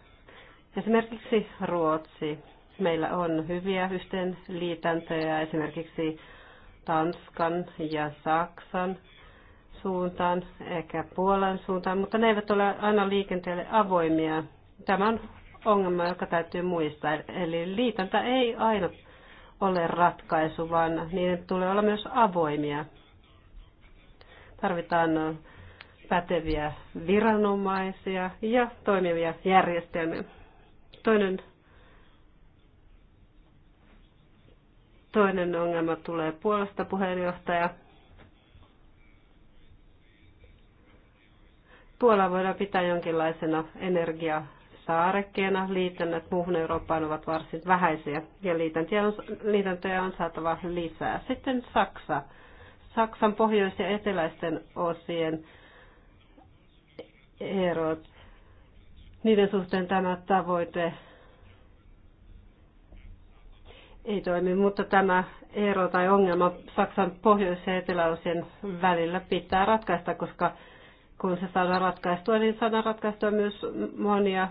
Esimerkiksi Ruotsi. Meillä on hyviä yhteenliitäntöjä esimerkiksi Tanskan ja Saksan suuntaan eikä Puolan suuntaan, mutta ne eivät ole aina liikenteelle avoimia. Tämä on ongelma, joka täytyy muistaa. Eli liitäntä ei aina ole ratkaisu, vaan niiden tulee olla myös avoimia. Tarvitaan päteviä viranomaisia ja toimivia järjestelmiä. Toinen, toinen ongelma tulee puolesta puheenjohtaja. Puola voidaan pitää jonkinlaisena energia saarekkeena liitännät muuhun Eurooppaan ovat varsin vähäisiä ja liitäntöjä on, on saatava lisää. Sitten Saksa. Saksan pohjois- ja eteläisten osien erot. Niiden suhteen tämä tavoite ei toimi, mutta tämä ero tai ongelma Saksan pohjois- ja eteläosien välillä pitää ratkaista, koska kun se saadaan ratkaistua, niin saadaan ratkaistua myös monia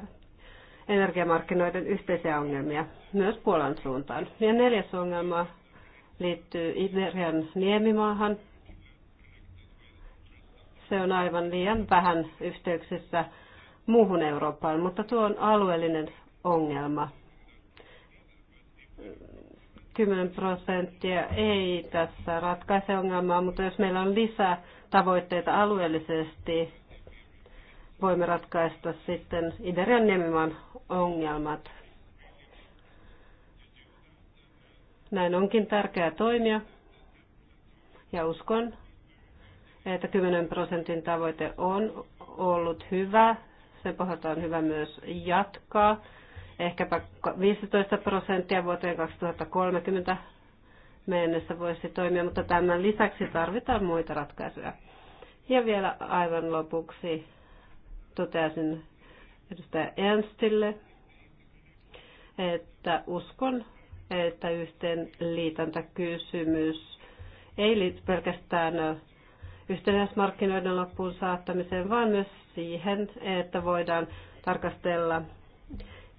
energiamarkkinoiden yhteisiä ongelmia myös Puolan suuntaan. Ja neljäs ongelma liittyy Iberian niemimaahan. Se on aivan liian vähän yhteyksissä muuhun Eurooppaan, mutta tuo on alueellinen ongelma. 10 prosenttia ei tässä ratkaise ongelmaa, mutta jos meillä on lisää tavoitteita alueellisesti, voimme ratkaista sitten Iberian niemimaan ongelmat. Näin onkin tärkeää toimia ja uskon, että 10 prosentin tavoite on ollut hyvä. Sen pohjalta on hyvä myös jatkaa. Ehkäpä 15 prosenttia vuoteen 2030 mennessä voisi toimia, mutta tämän lisäksi tarvitaan muita ratkaisuja. Ja vielä aivan lopuksi toteaisin edustaja Ernstille, että uskon, että yhteen liitantakysymys ei liity pelkästään yhtenäismarkkinoiden loppuun saattamiseen, vaan myös siihen, että voidaan tarkastella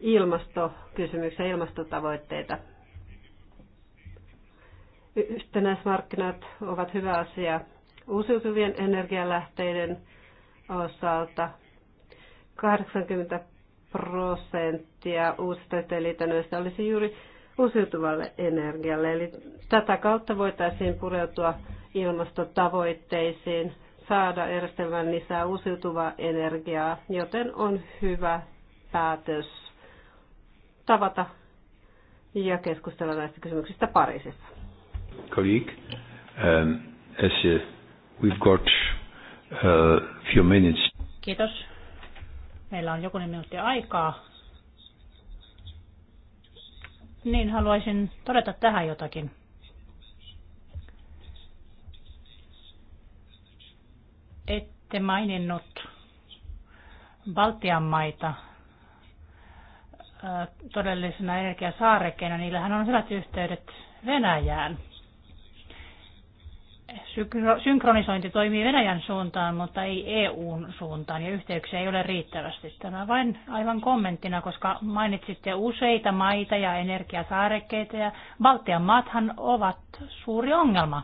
ilmastokysymyksiä, ilmastotavoitteita. Yhtenäismarkkinat ovat hyvä asia uusiutuvien energialähteiden osalta, 80 prosenttia uusista liitännöistä olisi juuri uusiutuvalle energialle. Eli tätä kautta voitaisiin pureutua ilmastotavoitteisiin, saada järjestelmän lisää uusiutuvaa energiaa, joten on hyvä päätös tavata ja keskustella näistä kysymyksistä Pariisissa. Colleague, um, as uh, we've got a uh, few minutes. Kiitos meillä on jokunen minuutti aikaa, niin haluaisin todeta tähän jotakin. Ette maininnut Baltian maita todellisena energiasaarekeina. Niillähän on sellaiset yhteydet Venäjään synkronisointi toimii Venäjän suuntaan, mutta ei EUn suuntaan ja yhteyksiä ei ole riittävästi. Tämä vain aivan kommenttina, koska mainitsitte useita maita ja energiasaarekkeita ja Baltian maathan ovat suuri ongelma.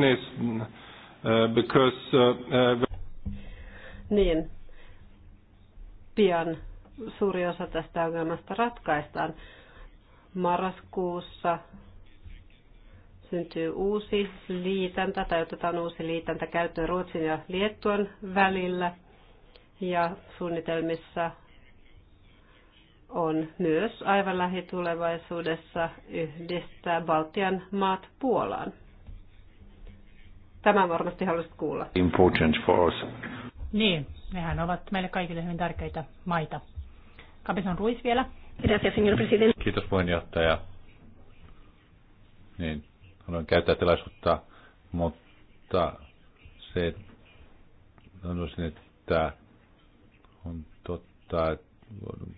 Yes, uh, because, uh, uh, niin, pian suuri osa tästä ongelmasta ratkaistaan. Marraskuussa syntyy uusi liitäntä tai otetaan uusi liitäntä käyttöön Ruotsin ja Liettuan välillä. Ja suunnitelmissa on myös aivan lähitulevaisuudessa yhdistää Baltian maat Puolaan. Tämä varmasti haluaisit kuulla. Important for us. Niin, nehän ovat meille kaikille hyvin tärkeitä maita. Kapison Ruiz vielä. Gracias, señor presidente. Kiitos puheenjohtaja. Niin, haluan käyttää tilaisuutta, mutta se sanoisin, että on totta, että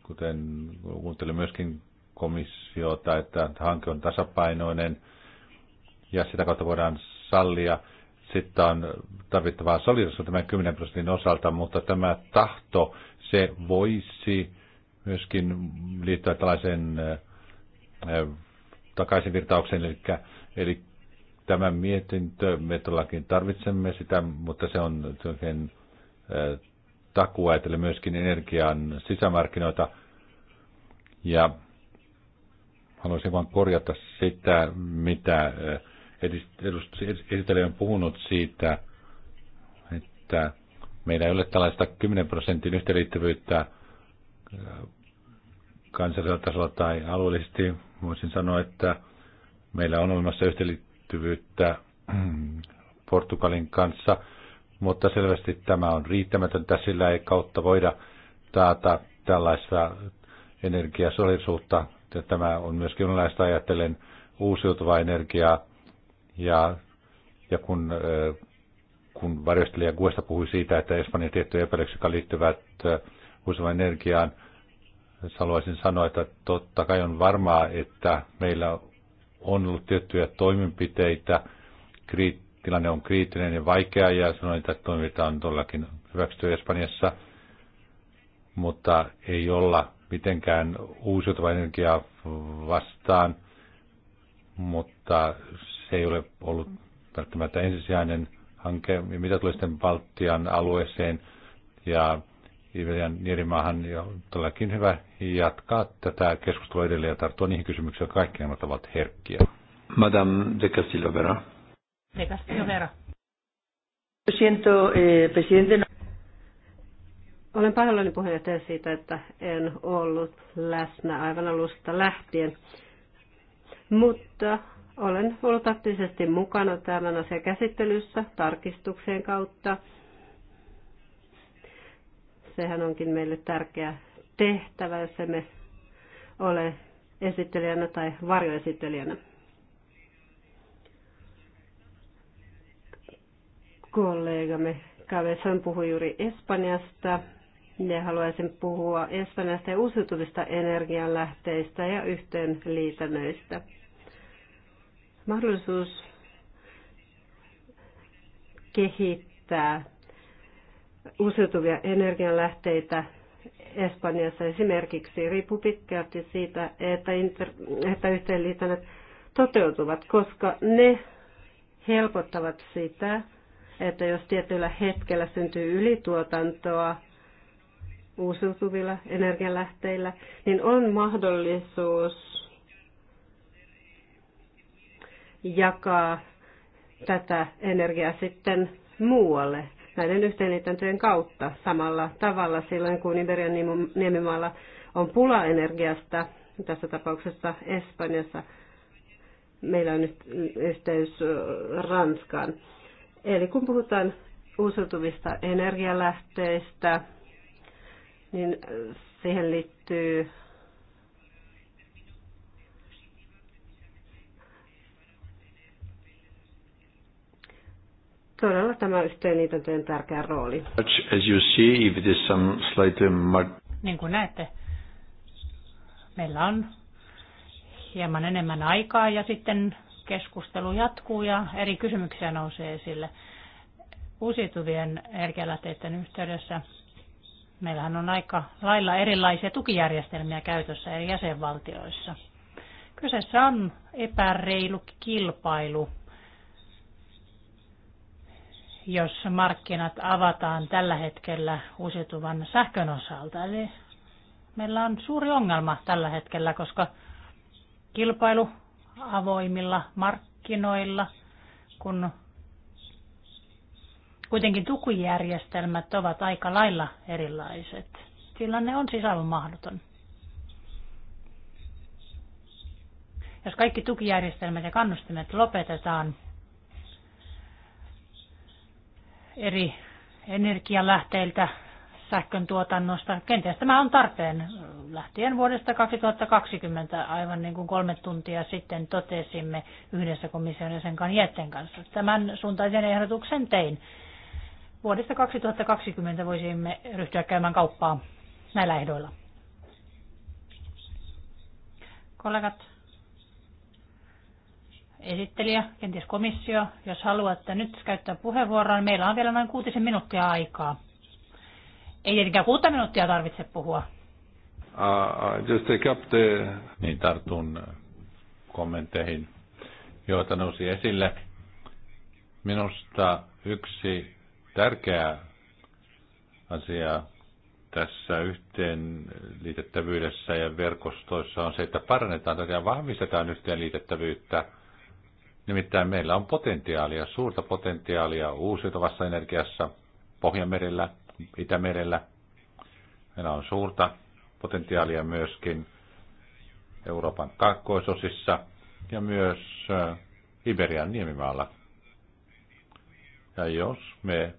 kuten kuuntelin myöskin komissiota, että hanke on tasapainoinen ja sitä kautta voidaan sallia. Sitten on tarvittavaa solidarisuutta tämän 10 prosentin osalta, mutta tämä tahto, se voisi myöskin liittyä tällaisen eh, takaisinvirtaukseen, eli Eli tämä mietintö, me todellakin tarvitsemme sitä, mutta se on oikein äh, takua ajatellen myöskin energian sisämarkkinoita. Ja haluaisin vain korjata sitä, mitä äh, esittelijä on puhunut siitä, että meillä ei ole tällaista 10 prosentin yhteenliittyvyyttä äh, kansallisella tasolla tai alueellisesti. Voisin sanoa, että Meillä on olemassa yhteenliittyvyyttä Portugalin kanssa, mutta selvästi tämä on riittämätöntä, sillä ei kautta voida taata tällaista energiasolisuutta. Ja tämä on myöskin jonkinlaista ajatellen uusiutuvaa energiaa. Ja, ja kun, kun varjostelija Guesta puhui siitä, että Espanjan tiettyjä epäilyksiä, jotka liittyvät uusiutuvaan energiaan, haluaisin sanoa, että totta kai on varmaa, että meillä on ollut tiettyjä toimenpiteitä. Tilanne on kriittinen ja vaikea ja sanoin, että toimintaa on todellakin hyväksytty Espanjassa, mutta ei olla mitenkään uusiutuvaa energiaa vastaan, mutta se ei ole ollut välttämättä ensisijainen hanke. Ja mitä tulee sitten Baltian alueeseen ja Ivelian Nierimaahan ja todellakin hyvä jatkaa tätä keskustelua edelleen ja tarttua niihin kysymyksiin, jotka kaikki nämä ovat herkkiä. Madame de Castillo Vera. De Castillo Vera. Eh, no. Olen pahoillani puheenjohtaja siitä, että en ollut läsnä aivan alusta lähtien, mutta olen ollut aktiivisesti mukana tämän asian käsittelyssä tarkistuksen kautta – Sehän onkin meille tärkeä tehtävä, jos emme ole esittelijänä tai varjoesittelijänä. Kollegamme Kavesan puhui juuri Espanjasta ja haluaisin puhua Espanjasta ja uusiutuvista energianlähteistä ja yhteenliitännöistä. Mahdollisuus kehittää uusiutuvia energianlähteitä Espanjassa esimerkiksi riippuu pitkälti siitä, että, inter, että yhteenliitännät toteutuvat, koska ne helpottavat sitä, että jos tietyllä hetkellä syntyy ylituotantoa uusiutuvilla energialähteillä, niin on mahdollisuus jakaa tätä energiaa sitten muualle näiden yhteenliitäntöjen kautta samalla tavalla silloin, kun Iberian niemimaalla on pula energiasta, tässä tapauksessa Espanjassa. Meillä on nyt yhteys Ranskaan. Eli kun puhutaan uusiutuvista energialähteistä, niin siihen liittyy todella tämä yhteenliitäntöjen tärkeä rooli. As you see, if it is some slightly niin kuin näette, meillä on hieman enemmän aikaa ja sitten keskustelu jatkuu ja eri kysymyksiä nousee esille. Uusiutuvien energialähteiden yhteydessä meillähän on aika lailla erilaisia tukijärjestelmiä käytössä eri jäsenvaltioissa. Kyseessä on epäreilu kilpailu jos markkinat avataan tällä hetkellä uusiutuvan sähkön osalta. Eli meillä on suuri ongelma tällä hetkellä, koska kilpailu avoimilla markkinoilla, kun kuitenkin tukijärjestelmät ovat aika lailla erilaiset. Tilanne on siis aivan mahdoton. Jos kaikki tukijärjestelmät ja kannustimet lopetetaan, eri energialähteiltä sähkön tuotannosta. Kenties tämä on tarpeen lähtien vuodesta 2020, aivan niin kuin kolme tuntia sitten totesimme yhdessä komission sen Kanjetten kanssa. Tämän suuntaisen ehdotuksen tein. Vuodesta 2020 voisimme ryhtyä käymään kauppaa näillä ehdoilla. Kollegat esittelijä, kenties komissio, jos haluatte nyt käyttää puheenvuoroa, niin meillä on vielä noin kuutisen minuuttia aikaa. Ei tietenkään kuutta minuuttia tarvitse puhua. Uh, just take up the... Niin tartun kommentteihin, joita nousi esille. Minusta yksi tärkeä asia tässä yhteenliitettävyydessä ja verkostoissa on se, että parannetaan tai ja vahvistetaan yhteenliitettävyyttä – Nimittäin meillä on potentiaalia, suurta potentiaalia uusiutuvassa energiassa, Pohjanmerellä, Itämerellä. Meillä on suurta potentiaalia myöskin Euroopan kaakkoisosissa ja myös äh, Iberian niemimaalla. Ja jos me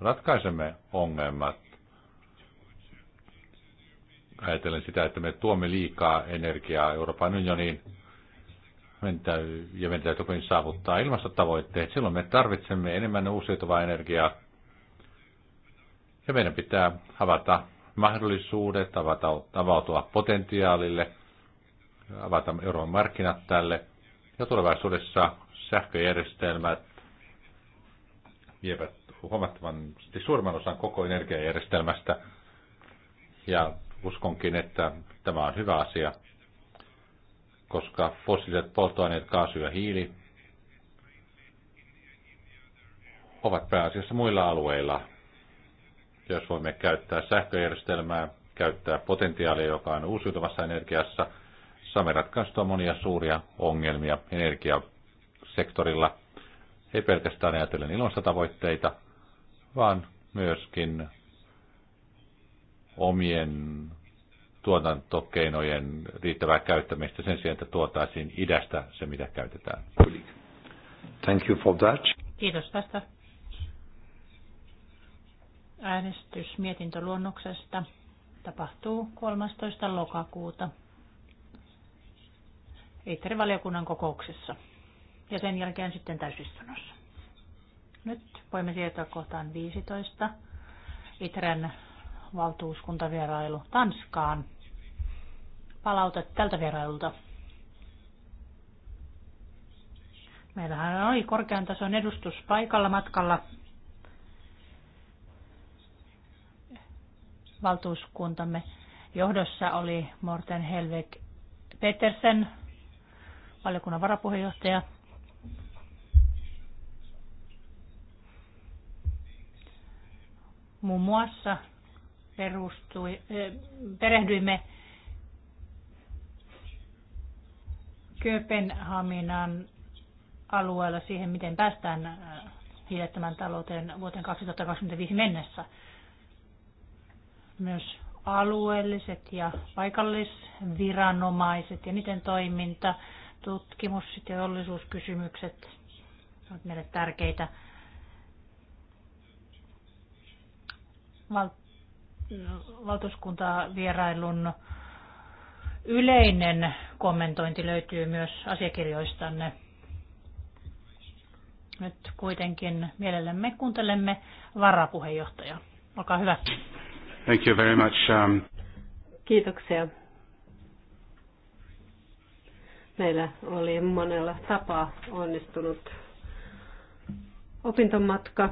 ratkaisemme ongelmat, ajatellen sitä, että me tuomme liikaa energiaa Euroopan unioniin, ja meidän täytyy kuitenkin saavuttaa ilmastotavoitteet. Silloin me tarvitsemme enemmän uusiutuvaa energiaa ja meidän pitää avata mahdollisuudet, avata, avautua potentiaalille, avata euron markkinat tälle ja tulevaisuudessa sähköjärjestelmät vievät huomattavasti suurimman osan koko energiajärjestelmästä ja uskonkin, että tämä on hyvä asia koska fossiiliset polttoaineet, kaasu ja hiili ovat pääasiassa muilla alueilla. Jos voimme käyttää sähköjärjestelmää, käyttää potentiaalia, joka on uusiutuvassa energiassa, saamme ratkaistua monia suuria ongelmia energiasektorilla, ei pelkästään ajatellen ilmastotavoitteita, vaan myöskin omien tuotantokeinojen riittävää käyttämistä sen sijaan, että tuotaisiin idästä se, mitä käytetään. Thank you for that. Kiitos tästä äänestys mietintöluonnoksesta tapahtuu 13. lokakuuta Itteri-valiokunnan kokouksessa ja sen jälkeen sitten täysistunnossa. Nyt voimme siirtyä kohtaan 15. Iträn valtuuskuntavierailu Tanskaan. Palautet tältä vierailulta. Meillähän oli korkean tason edustus paikalla matkalla. Valtuuskuntamme johdossa oli Morten Helvek Petersen, valiokunnan varapuheenjohtaja. Muun muassa perustui, eh, perehdyimme Kööpenhaminan alueella siihen, miten päästään eh, hiilettömän talouteen vuoteen 2025 mennessä. Myös alueelliset ja paikallisviranomaiset ja niiden toiminta, tutkimus- ja teollisuuskysymykset ovat meille tärkeitä. Valt- valtuuskuntavierailun yleinen kommentointi löytyy myös asiakirjoistanne. Nyt kuitenkin mielellämme kuuntelemme varapuheenjohtaja. Olkaa hyvä. Thank you very much. Um... Kiitoksia. Meillä oli monella tapaa onnistunut opintomatka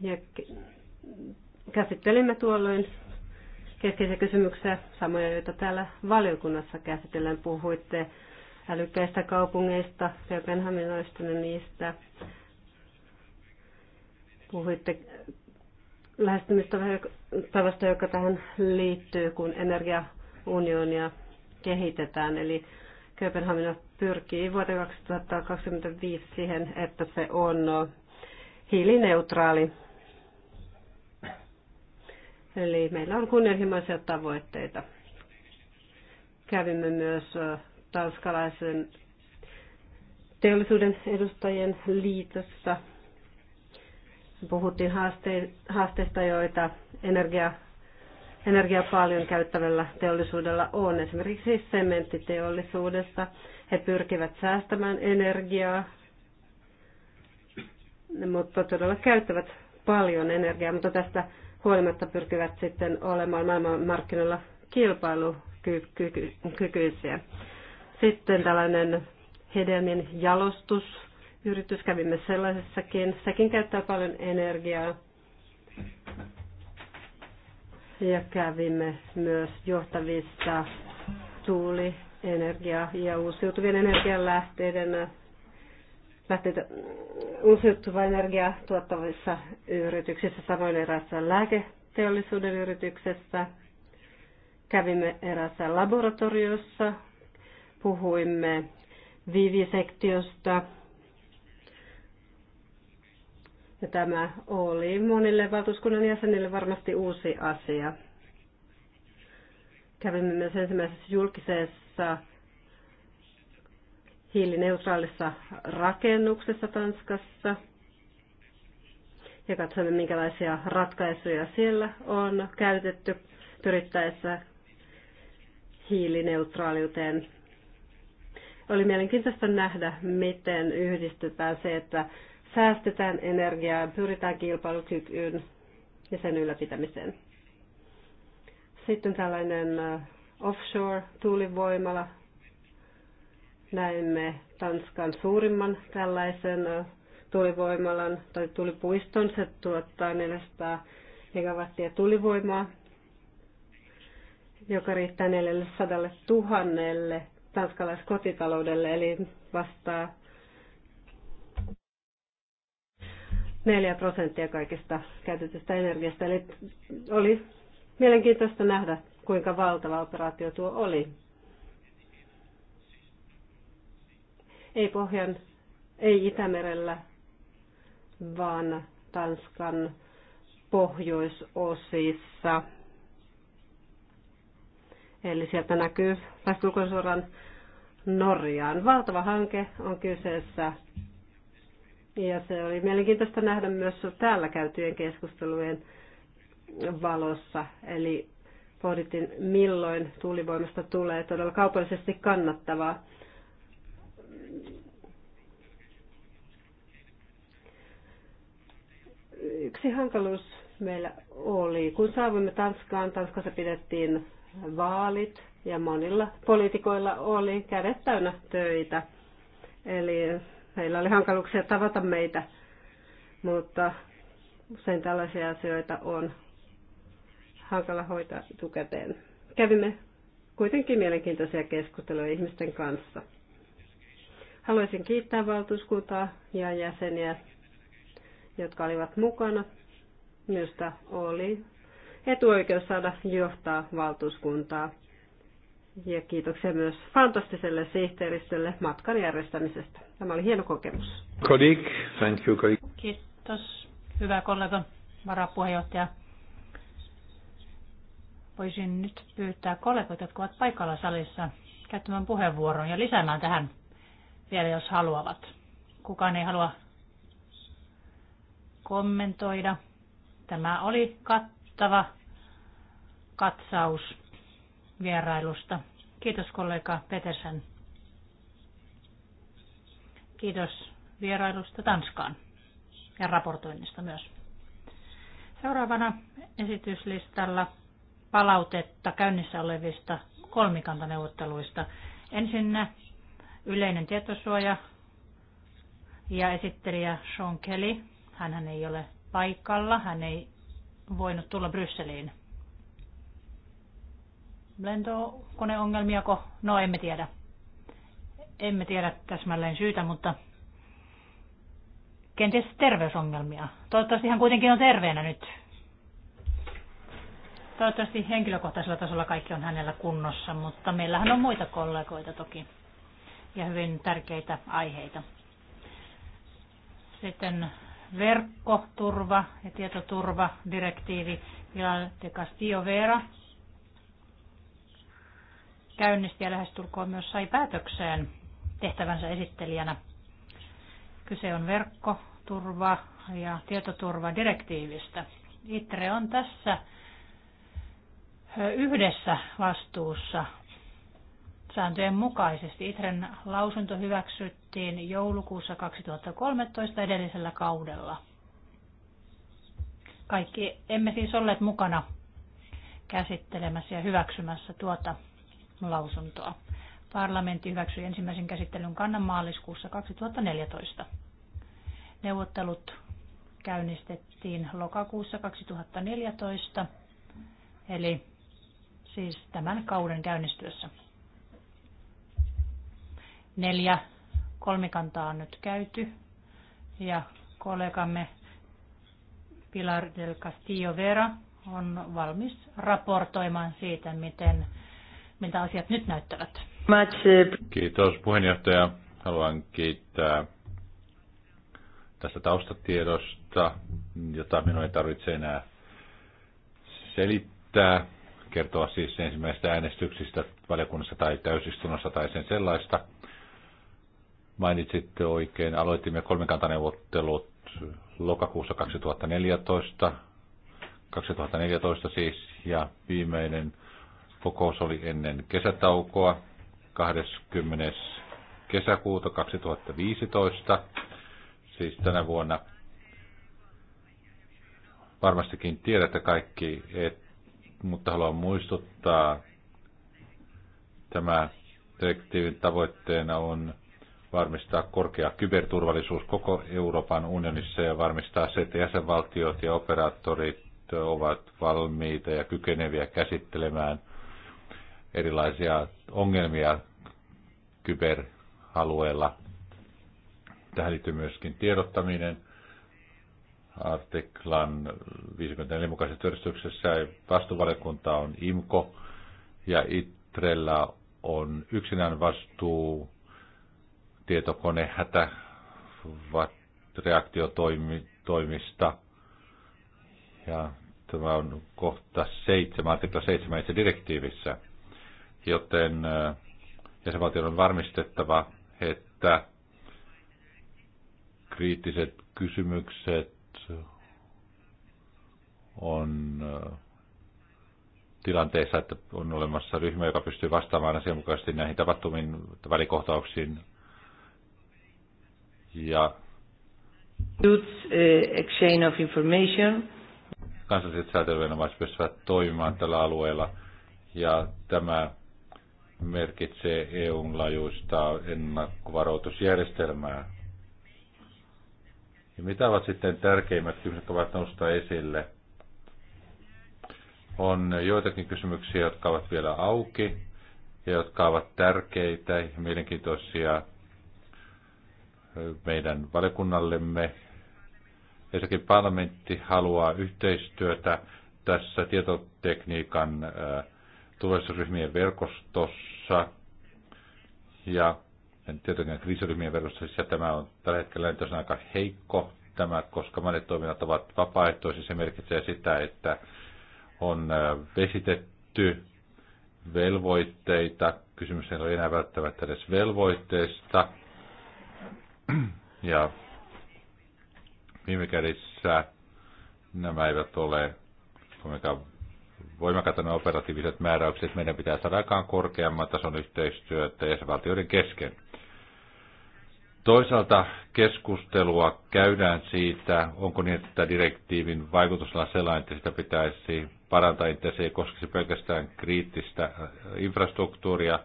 ja Käsittelimme tuolloin keskeisiä kysymyksiä, samoja joita täällä valiokunnassa käsitellään. Puhuitte älykkäistä kaupungeista, Kööpenhaminoista ja niistä. Puhuitte lähestymistavasta, joka tähän liittyy, kun energiaunionia kehitetään. Eli Kööpenhamina pyrkii vuoteen 2025 siihen, että se on hiilineutraali Eli meillä on kunnianhimoisia tavoitteita. Kävimme myös tanskalaisen teollisuuden edustajien liitossa. Puhuttiin haasteista, joita energia, energia paljon käyttävällä teollisuudella on. Esimerkiksi sementtiteollisuudessa he pyrkivät säästämään energiaa, mutta todella käyttävät paljon energiaa, mutta tästä huolimatta pyrkivät sitten olemaan maailmanmarkkinoilla kilpailukykyisiä. Sitten tällainen hedelmien yritys kävimme sellaisessakin. Sekin käyttää paljon energiaa. Ja kävimme myös johtavista tuuli, energia ja uusiutuvien energialähteiden lähteitä mm, uusiutuva energia tuottavissa yrityksissä, samoin erässä lääketeollisuuden yrityksessä. Kävimme erässä laboratoriossa, puhuimme vivisektiosta. Ja tämä oli monille valtuuskunnan jäsenille varmasti uusi asia. Kävimme myös ensimmäisessä julkisessa hiilineutraalissa rakennuksessa Tanskassa ja katsomme, minkälaisia ratkaisuja siellä on käytetty pyrittäessä hiilineutraaliuteen. Oli mielenkiintoista nähdä, miten yhdistetään se, että säästetään energiaa, pyritään kilpailukykyyn ja sen ylläpitämiseen. Sitten tällainen äh, offshore-tuulivoimala Näemme Tanskan suurimman tällaisen tulivoimalan tai tulipuiston. Se tuottaa 400 megawattia tulivoimaa, joka riittää 400 000 tanskalaiskotitaloudelle, eli vastaa 4 prosenttia kaikista käytetystä energiasta. Eli oli mielenkiintoista nähdä, kuinka valtava operaatio tuo oli. ei Pohjan, ei Itämerellä, vaan Tanskan pohjoisosissa. Eli sieltä näkyy lähtulkoon suoraan Norjaan. Valtava hanke on kyseessä. Ja se oli mielenkiintoista nähdä myös täällä käytyjen keskustelujen valossa. Eli pohdittiin, milloin tuulivoimasta tulee todella kaupallisesti kannattavaa. Yksi hankaluus meillä oli, kun saavuimme Tanskaan, Tanskassa pidettiin vaalit ja monilla poliitikoilla oli kädet täynnä töitä. Eli heillä oli hankaluuksia tavata meitä, mutta usein tällaisia asioita on hankala hoitaa tukäteen. Kävimme kuitenkin mielenkiintoisia keskusteluja ihmisten kanssa. Haluaisin kiittää valtuuskuntaa ja jäseniä jotka olivat mukana, josta oli etuoikeus saada johtaa valtuuskuntaa. Ja kiitoksia myös fantastiselle sihteeristölle matkan järjestämisestä. Tämä oli hieno kokemus. Kodik, thank you, Kodik. Kiitos, hyvä kollega, varapuheenjohtaja. Voisin nyt pyytää kollegoita, jotka ovat paikalla salissa, käyttämään puheenvuoron ja lisäämään tähän vielä, jos haluavat. Kukaan ei halua kommentoida. Tämä oli kattava katsaus vierailusta. Kiitos kollega Petersen. Kiitos vierailusta Tanskaan ja raportoinnista myös. Seuraavana esityslistalla palautetta käynnissä olevista kolmikantaneuvotteluista. Ensinnä yleinen tietosuoja ja esittelijä Sean Kelly hän ei ole paikalla, hän ei voinut tulla Brysseliin. Lentokoneongelmiako? No emme tiedä. Emme tiedä täsmälleen syytä, mutta kenties terveysongelmia. Toivottavasti hän kuitenkin on terveenä nyt. Toivottavasti henkilökohtaisella tasolla kaikki on hänellä kunnossa, mutta meillähän on muita kollegoita toki ja hyvin tärkeitä aiheita. Sitten verkkoturva ja tietoturvadirektiivi Pilar de Castillo Vera käynnisti ja lähestulkoon myös sai päätökseen tehtävänsä esittelijänä. Kyse on verkkoturva- ja tietoturvadirektiivistä. ITRE on tässä yhdessä vastuussa sääntöjen mukaisesti. Itren lausunto hyväksyttiin joulukuussa 2013 edellisellä kaudella. Kaikki emme siis olleet mukana käsittelemässä ja hyväksymässä tuota lausuntoa. Parlamentti hyväksyi ensimmäisen käsittelyn kannan maaliskuussa 2014. Neuvottelut käynnistettiin lokakuussa 2014, eli siis tämän kauden käynnistyessä. Neljä kolmikantaa on nyt käyty ja kollegamme Pilar del Castillo Vera on valmis raportoimaan siitä, miten, mitä asiat nyt näyttävät. Kiitos puheenjohtaja. Haluan kiittää tästä taustatiedosta, jota minun ei tarvitse enää selittää, kertoa siis ensimmäistä äänestyksistä valiokunnassa tai täysistunnossa tai sen sellaista – Mainitsitte oikein, aloitimme kolmikantaneuvottelut lokakuussa 2014, 2014 siis, ja viimeinen kokous oli ennen kesätaukoa 20. kesäkuuta 2015, siis tänä vuonna. Varmastikin tiedätte kaikki, et, mutta haluan muistuttaa, tämä direktiivin tavoitteena on varmistaa korkea kyberturvallisuus koko Euroopan unionissa ja varmistaa se, että jäsenvaltiot ja operaattorit ovat valmiita ja kykeneviä käsittelemään erilaisia ongelmia kyberalueella. Tähän liittyy myöskin tiedottaminen artiklan 54 mukaisessa työristyksessä. Vastuuvaliokunta on IMKO ja ITRELLA on yksinään vastuu tietokonehätä reaktiotoimista. Ja tämä on kohta 7, artikla 7 itse direktiivissä. Joten äh, jäsenvaltion on varmistettava, että kriittiset kysymykset on äh, tilanteessa, että on olemassa ryhmä, joka pystyy vastaamaan asianmukaisesti näihin tapahtumiin välikohtauksiin ja eh, exchange of information. Kansalliset säätelyviranomaiset pystyvät toimimaan tällä alueella ja tämä merkitsee EUn laajuista ennakkovaroitusjärjestelmää. Ja mitä ovat sitten tärkeimmät kysymykset, ovat nostaa esille? On joitakin kysymyksiä, jotka ovat vielä auki ja jotka ovat tärkeitä ja mielenkiintoisia meidän valiokunnallemme. Ensinnäkin parlamentti haluaa yhteistyötä tässä tietotekniikan äh, tulevaisuusryhmien verkostossa ja tietotekniikan kriisiryhmien verkostossa. Siis tämä on tällä hetkellä on aika heikko tämä, koska monet toiminnat ovat vapaaehtoisia. Se merkitsee sitä, että on äh, vesitetty velvoitteita. Kysymys ei ole enää välttämättä edes velvoitteista. Ja viime kädessä nämä eivät ole voimakkaita ne operatiiviset määräykset. Meidän pitää saada aikaan korkeamman tason yhteistyötä jäsenvaltioiden kesken. Toisaalta keskustelua käydään siitä, onko niin, että direktiivin vaikutusala sellainen, että sitä pitäisi parantaa, että se ei koskisi pelkästään kriittistä äh, infrastruktuuria,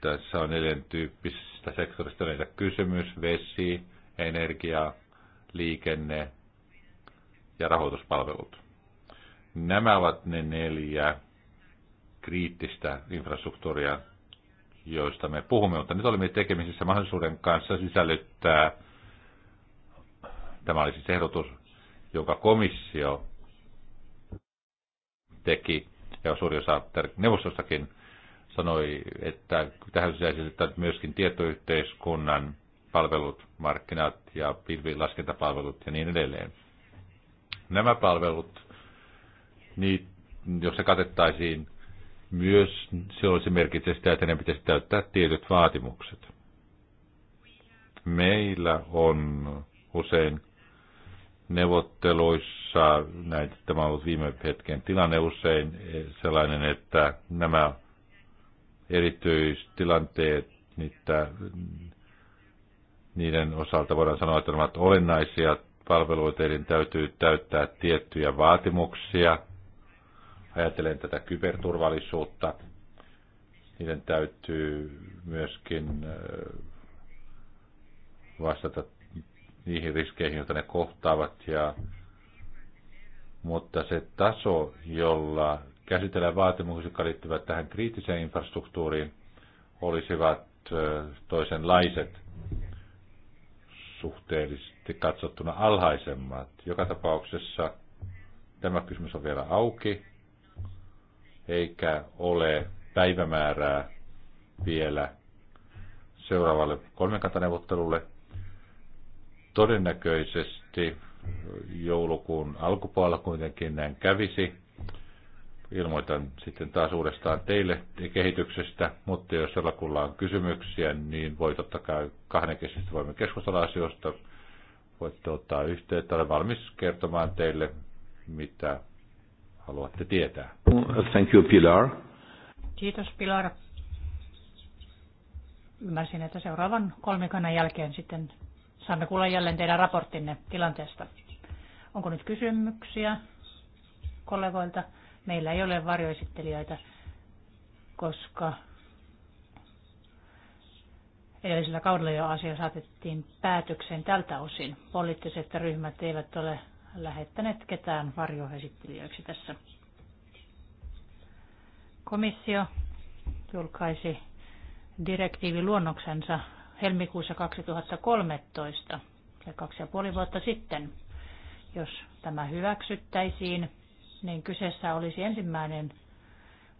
tässä on neljän tyyppisestä sektorista näitä kysymys, vesi, energia, liikenne ja rahoituspalvelut. Nämä ovat ne neljä kriittistä infrastruktuuria, joista me puhumme, mutta nyt olemme tekemisissä mahdollisuuden kanssa sisällyttää, tämä oli siis ehdotus, jonka komissio teki, ja suuri osa neuvostostakin sanoi, että tähän että myöskin tietoyhteiskunnan palvelut, markkinat ja pilvilaskentapalvelut ja niin edelleen. Nämä palvelut, niin jos se katettaisiin myös, se olisi merkitse sitä, että ne pitäisi täyttää tietyt vaatimukset. Meillä on usein neuvotteluissa, näin tämä on ollut viime hetken tilanne usein eh, sellainen, että nämä erityistilanteet, niitä, niiden osalta voidaan sanoa, että ovat olennaisia palveluita, eli täytyy täyttää tiettyjä vaatimuksia. Ajatellen tätä kyberturvallisuutta, niiden täytyy myöskin äh, vastata niihin riskeihin, joita ne kohtaavat. Ja, mutta se taso, jolla käsitellä vaatimukset, jotka liittyvät tähän kriittiseen infrastruktuuriin, olisivat toisenlaiset suhteellisesti katsottuna alhaisemmat. Joka tapauksessa tämä kysymys on vielä auki, eikä ole päivämäärää vielä seuraavalle kolmenkantaneuvottelulle. Todennäköisesti joulukuun alkupuolella kuitenkin näin kävisi ilmoitan sitten taas uudestaan teille kehityksestä, mutta jos jollakulla on kysymyksiä, niin voi totta kai kahdenkeskisesti voimme keskustella asioista. Voitte ottaa yhteyttä, olen valmis kertomaan teille, mitä haluatte tietää. Thank you, Pilar. Kiitos, Pilar. Ymmärsin, että seuraavan kolmikannan jälkeen sitten saamme kuulla jälleen teidän raporttinne tilanteesta. Onko nyt kysymyksiä kollegoilta? Meillä ei ole varjoesittelijöitä, koska edellisellä kaudella jo asia saatettiin päätökseen tältä osin. Poliittiset ryhmät eivät ole lähettäneet ketään varjoesittelijöiksi tässä. Komissio julkaisi direktiiviluonnoksensa helmikuussa 2013, eli kaksi ja puoli vuotta sitten. Jos tämä hyväksyttäisiin, niin kyseessä olisi ensimmäinen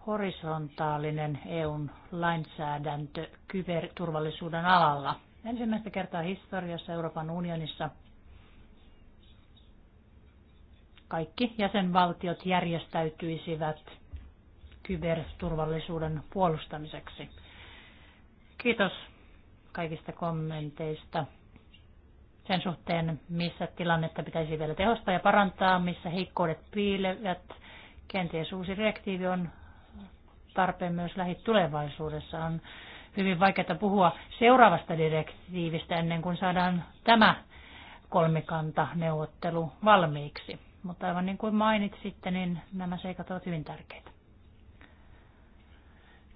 horisontaalinen EUn lainsäädäntö kyberturvallisuuden alalla. Ensimmäistä kertaa historiassa Euroopan unionissa kaikki jäsenvaltiot järjestäytyisivät kyberturvallisuuden puolustamiseksi. Kiitos kaikista kommenteista sen suhteen, missä tilannetta pitäisi vielä tehostaa ja parantaa, missä heikkoudet piilevät. Kenties uusi reaktiivi on tarpeen myös lähitulevaisuudessa. On hyvin vaikeaa puhua seuraavasta direktiivistä ennen kuin saadaan tämä kolmikanta neuvottelu valmiiksi. Mutta aivan niin kuin mainitsitte, niin nämä seikat ovat hyvin tärkeitä.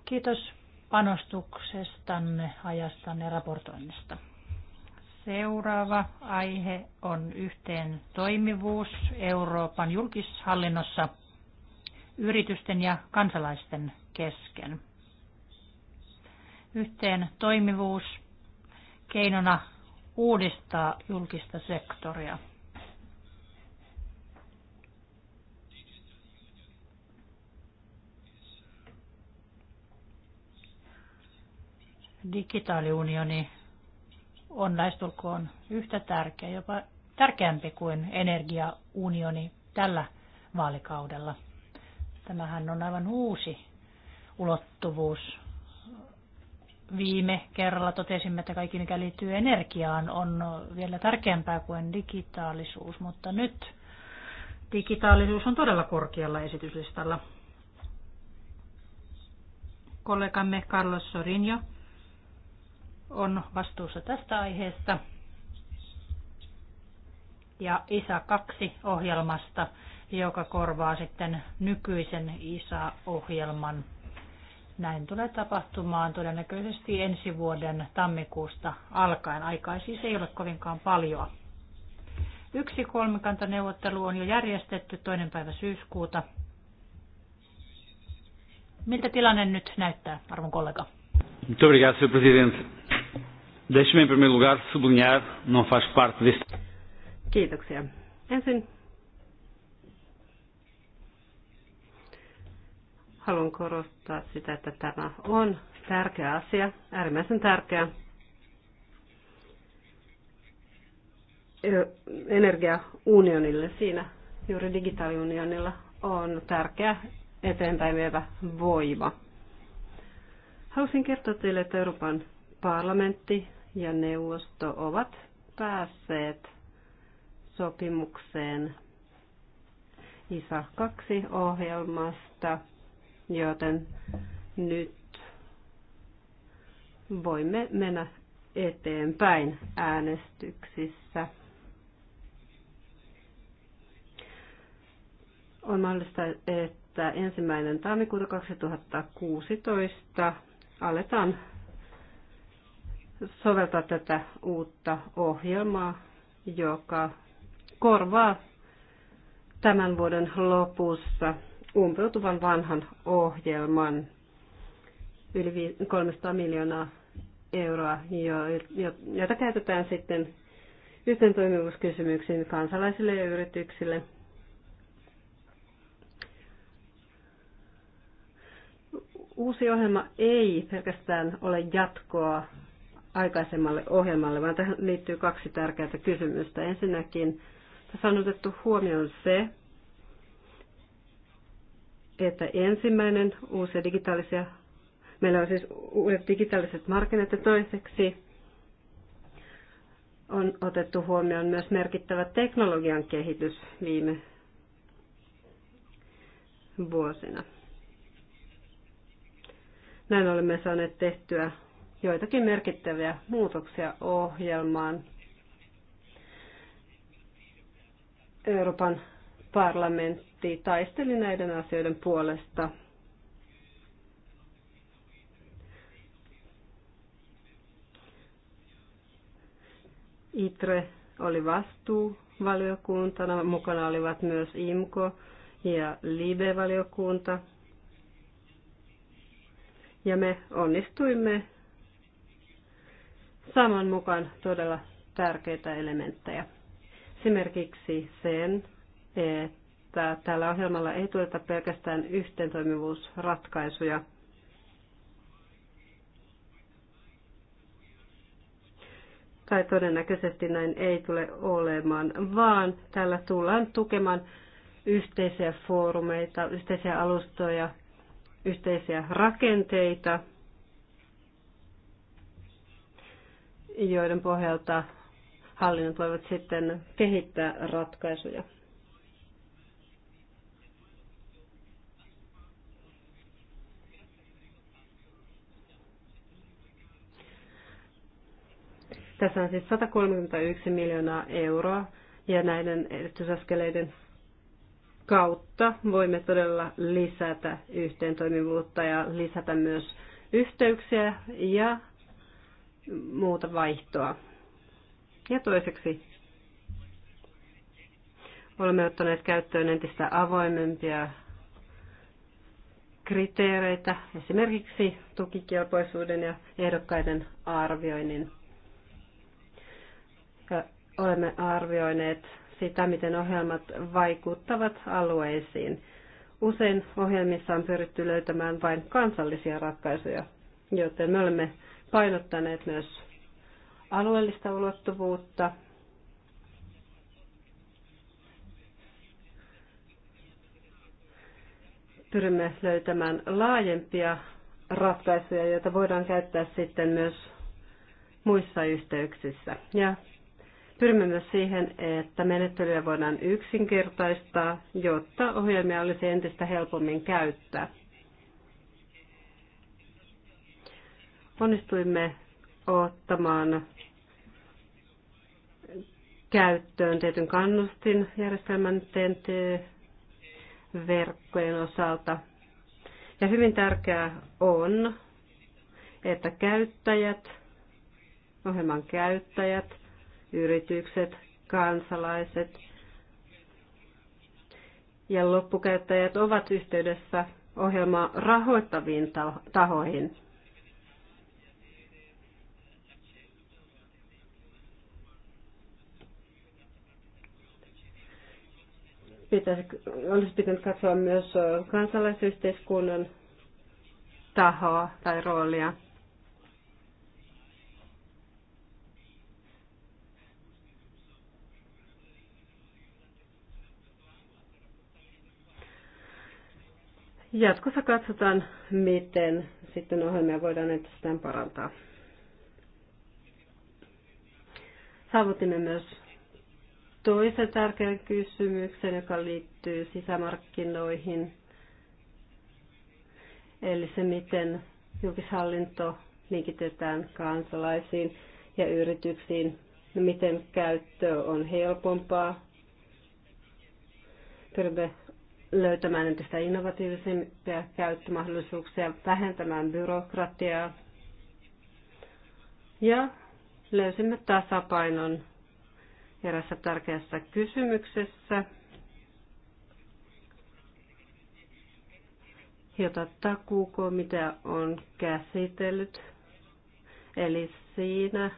Kiitos panostuksestanne, ajastanne ja raportoinnista. Seuraava aihe on yhteen toimivuus Euroopan julkishallinnossa yritysten ja kansalaisten kesken. Yhteen toimivuus keinona uudistaa julkista sektoria. Digitaaliunioni on lähestulkoon yhtä tärkeä, jopa tärkeämpi kuin energiaunioni tällä vaalikaudella. Tämähän on aivan uusi ulottuvuus. Viime kerralla totesimme, että kaikki mikä liittyy energiaan on vielä tärkeämpää kuin digitaalisuus, mutta nyt digitaalisuus on todella korkealla esityslistalla. Kollegamme Carlos Sorinjo on vastuussa tästä aiheesta ja ISA 2 ohjelmasta, joka korvaa sitten nykyisen ISA ohjelman. Näin tulee tapahtumaan todennäköisesti ensi vuoden tammikuusta alkaen. Aikaa siis ei ole kovinkaan paljon. Yksi kolmikantaneuvottelu on jo järjestetty toinen päivä syyskuuta. Miltä tilanne nyt näyttää, arvon kollega? obrigado, Presidente. Deixe-me, em primeiro lugar, sublinhar, não faz parte deste... Kiitoksia. Ensin haluan korostaa sitä, että tämä on tärkeä asia, äärimmäisen tärkeä. Energiaunionille siinä, juuri digitaaliunionilla, on tärkeä eteenpäin vievä voima. Haluaisin kertoa teille, että Euroopan parlamentti ja neuvosto ovat päässeet sopimukseen ISA 2 ohjelmasta, joten nyt voimme mennä eteenpäin äänestyksissä. On mahdollista, että ensimmäinen tammikuuta 2016 aletaan soveltaa tätä uutta ohjelmaa, joka korvaa tämän vuoden lopussa umpeutuvan vanhan ohjelman yli 300 miljoonaa euroa, jota käytetään sitten yhteen toimivuuskysymyksiin kansalaisille ja yrityksille. Uusi ohjelma ei pelkästään ole jatkoa aikaisemmalle ohjelmalle, vaan tähän liittyy kaksi tärkeää kysymystä. Ensinnäkin tässä on otettu huomioon se, että ensimmäinen uusia digitaalisia, meillä on siis uudet digitaaliset markkinat ja toiseksi on otettu huomioon myös merkittävä teknologian kehitys viime vuosina. Näin olemme saaneet tehtyä joitakin merkittäviä muutoksia ohjelmaan. Euroopan parlamentti taisteli näiden asioiden puolesta. ITRE oli vastuuvaliokuntana, mukana olivat myös IMKO ja LIBE-valiokunta. Ja me onnistuimme Saman mukaan todella tärkeitä elementtejä. Esimerkiksi sen, että tällä ohjelmalla ei tueta pelkästään yhteentoimivuusratkaisuja, tai todennäköisesti näin ei tule olemaan, vaan tällä tullaan tukemaan yhteisiä foorumeita, yhteisiä alustoja, yhteisiä rakenteita – joiden pohjalta hallinnot voivat sitten kehittää ratkaisuja. Tässä on siis 131 miljoonaa euroa ja näiden edistysaskeleiden kautta voimme todella lisätä yhteentoimivuutta ja lisätä myös yhteyksiä ja muuta vaihtoa. Ja toiseksi olemme ottaneet käyttöön entistä avoimempia kriteereitä, esimerkiksi tukikelpoisuuden ja ehdokkaiden arvioinnin. Ja olemme arvioineet sitä, miten ohjelmat vaikuttavat alueisiin. Usein ohjelmissa on pyritty löytämään vain kansallisia ratkaisuja, joten me olemme painottaneet myös alueellista ulottuvuutta. Pyrimme löytämään laajempia ratkaisuja, joita voidaan käyttää sitten myös muissa yhteyksissä. Ja pyrimme myös siihen, että menettelyä voidaan yksinkertaistaa, jotta ohjelmia olisi entistä helpommin käyttää. onnistuimme ottamaan käyttöön tietyn kannustinjärjestelmän TNT-verkkojen osalta. Ja hyvin tärkeää on, että käyttäjät, ohjelman käyttäjät, yritykset, kansalaiset ja loppukäyttäjät ovat yhteydessä ohjelmaa rahoittaviin tahoihin. Pitäisi, olisi pitänyt katsoa myös kansalaisyhteiskunnan tahoa tai roolia. Jatkossa katsotaan, miten sitten ohjelmia voidaan entisestään parantaa. Saavutimme myös toisen tärkeän kysymyksen, joka liittyy sisämarkkinoihin, eli se, miten julkishallinto linkitetään kansalaisiin ja yrityksiin, miten käyttö on helpompaa. Pyrimme löytämään entistä innovatiivisempia käyttömahdollisuuksia, vähentämään byrokratiaa ja löysimme tasapainon erässä tärkeässä kysymyksessä, jota mitä on käsitellyt. Eli siinä,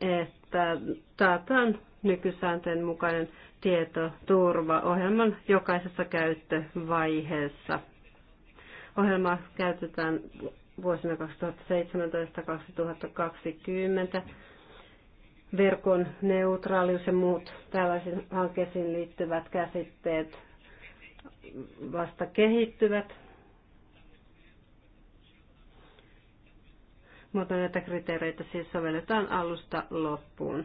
että taataan nykysääntöjen mukainen tietoturva ohjelman jokaisessa käyttövaiheessa. Ohjelma käytetään vuosina 2017-2020 verkon neutraalius ja muut tällaisiin hankkeisiin liittyvät käsitteet vasta kehittyvät. Mutta näitä kriteereitä siis sovelletaan alusta loppuun.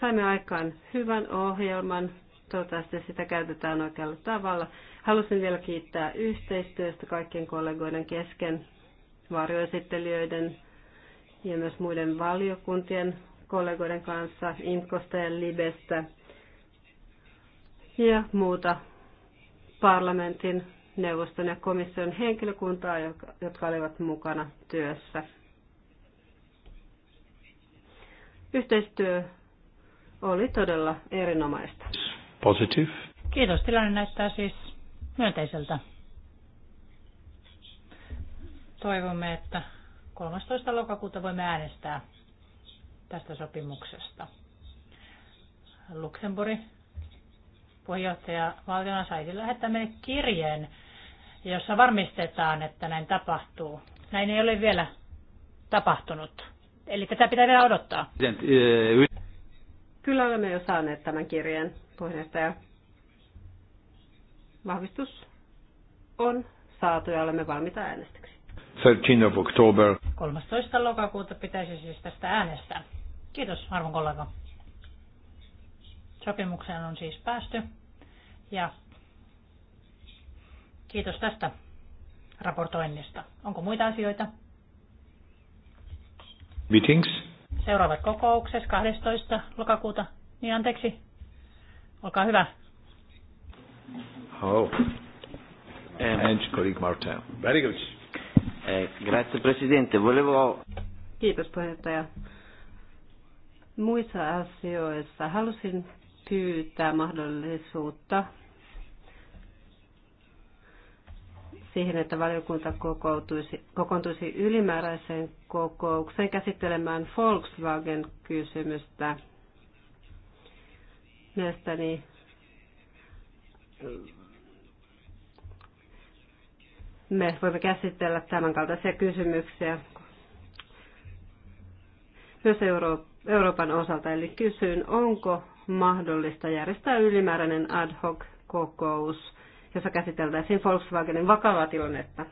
Saimme aikaan hyvän ohjelman. Toivottavasti sitä käytetään oikealla tavalla. Halusin vielä kiittää yhteistyöstä kaikkien kollegoiden kesken, varjoesittelijöiden, ja myös muiden valiokuntien kollegoiden kanssa Inkosta ja Libestä ja muuta parlamentin, neuvoston ja komission henkilökuntaa, jotka olivat mukana työssä. Yhteistyö oli todella erinomaista. Positive. Kiitos, tilanne näyttää siis myönteiseltä. Toivomme, että 13. lokakuuta voimme äänestää tästä sopimuksesta. Luxemburgin puheenjohtaja valtiona saisi siis lähettää meille kirjeen, jossa varmistetaan, että näin tapahtuu. Näin ei ole vielä tapahtunut. Eli tätä pitää vielä odottaa. Kyllä olemme jo saaneet tämän kirjeen, puheenjohtaja. Vahvistus on saatu ja olemme valmiita äänestyksiin. 13 of October. 13. lokakuuta pitäisi siis tästä äänestää. Kiitos arvon kollega. Sopimukseen on siis päästy ja kiitos tästä raportoinnista. Onko muita asioita? Meetings. Seuraavat kokoukset 12. lokakuuta. Niin anteeksi. Olkaa hyvä. Oh. And, and colleague Martin. Very good. Eh, grazie Presidente. Volevo... Kiitos puheenjohtaja. Muissa asioissa halusin pyytää mahdollisuutta siihen, että valiokunta kokoontuisi, kokoontuisi ylimääräiseen kokoukseen käsittelemään Volkswagen-kysymystä. Mielestäni me voimme käsitellä tämänkaltaisia kysymyksiä myös Euro- Euroopan osalta. Eli kysyn, onko mahdollista järjestää ylimääräinen ad hoc kokous, jossa käsiteltäisiin Volkswagenin vakavaa tilannetta?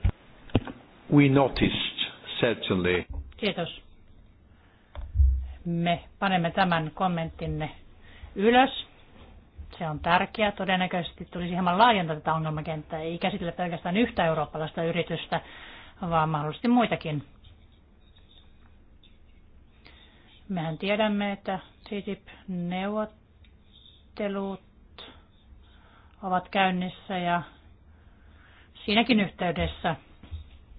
We noticed, certainly. Kiitos. Me panemme tämän kommenttinne ylös se on tärkeää. Todennäköisesti tulisi hieman laajentaa tätä ongelmakenttää. Ei käsitellä pelkästään yhtä eurooppalaista yritystä, vaan mahdollisesti muitakin. Mehän tiedämme, että TTIP-neuvottelut ovat käynnissä ja siinäkin yhteydessä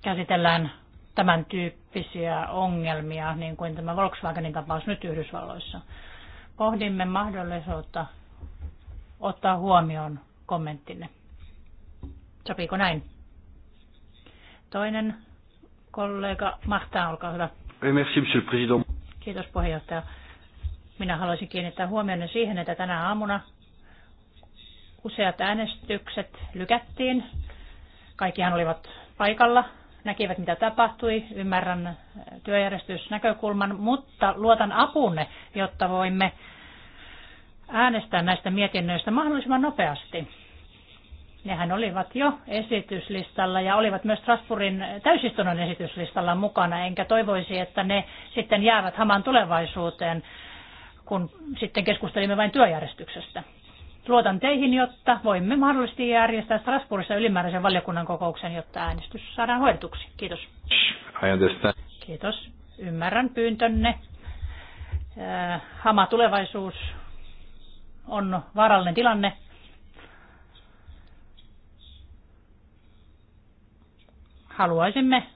käsitellään tämän tyyppisiä ongelmia, niin kuin tämä Volkswagenin tapaus nyt Yhdysvalloissa. Pohdimme mahdollisuutta ottaa huomioon kommenttinne. Sopiiko näin? Toinen kollega Mahtaa, olkaa hyvä. Merci, monsieur le président. Kiitos puheenjohtaja. Minä haluaisin kiinnittää huomioon siihen, että tänä aamuna useat äänestykset lykättiin. Kaikkihan olivat paikalla, näkivät mitä tapahtui, ymmärrän eh, työjärjestysnäkökulman, mutta luotan apunne, jotta voimme äänestää näistä mietinnöistä mahdollisimman nopeasti. Nehän olivat jo esityslistalla ja olivat myös Strasbourgin täysistunnon esityslistalla mukana, enkä toivoisi, että ne sitten jäävät hamaan tulevaisuuteen, kun sitten keskustelimme vain työjärjestyksestä. Luotan teihin, jotta voimme mahdollisesti järjestää Strasbourgissa ylimääräisen valiokunnan kokouksen, jotta äänestys saadaan hoidetuksi. Kiitos. Kiitos. Ymmärrän pyyntönne. Äh, hama tulevaisuus on vaarallinen tilanne. Haluaisimme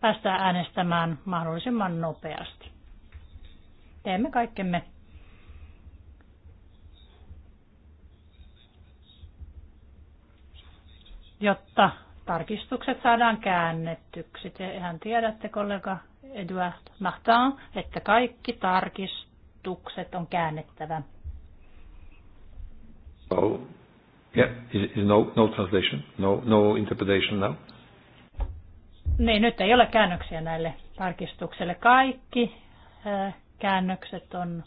päästä äänestämään mahdollisimman nopeasti. Teemme kaikkemme jotta tarkistukset saadaan käännettyksi. Tehän tiedätte, kollega Eduard Martin, että kaikki tarkistukset on käännettävä. So, oh. yeah, is, is no, no translation, no, no interpretation now. Niin, nyt ei ole käännöksiä näille tarkistukselle. Kaikki äh, käännökset on,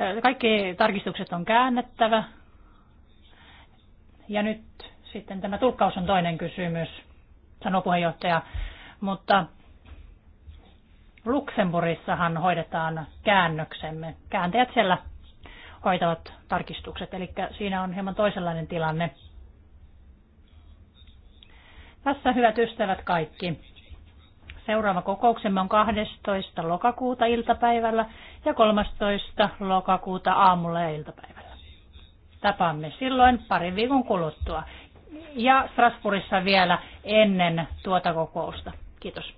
äh, kaikki tarkistukset on käännettävä. Ja nyt sitten tämä tulkkaus on toinen kysymys, sanoo puheenjohtaja. Mutta Luxemburissahan hoidetaan käännöksemme. Kääntäjät siellä hoitavat tarkistukset. Eli siinä on hieman toisenlainen tilanne. Tässä hyvät ystävät kaikki. Seuraava kokouksemme on 12. lokakuuta iltapäivällä ja 13. lokakuuta aamulla ja iltapäivällä. Tapaamme silloin parin viikon kuluttua ja Strasbourgissa vielä ennen tuota kokousta. Kiitos.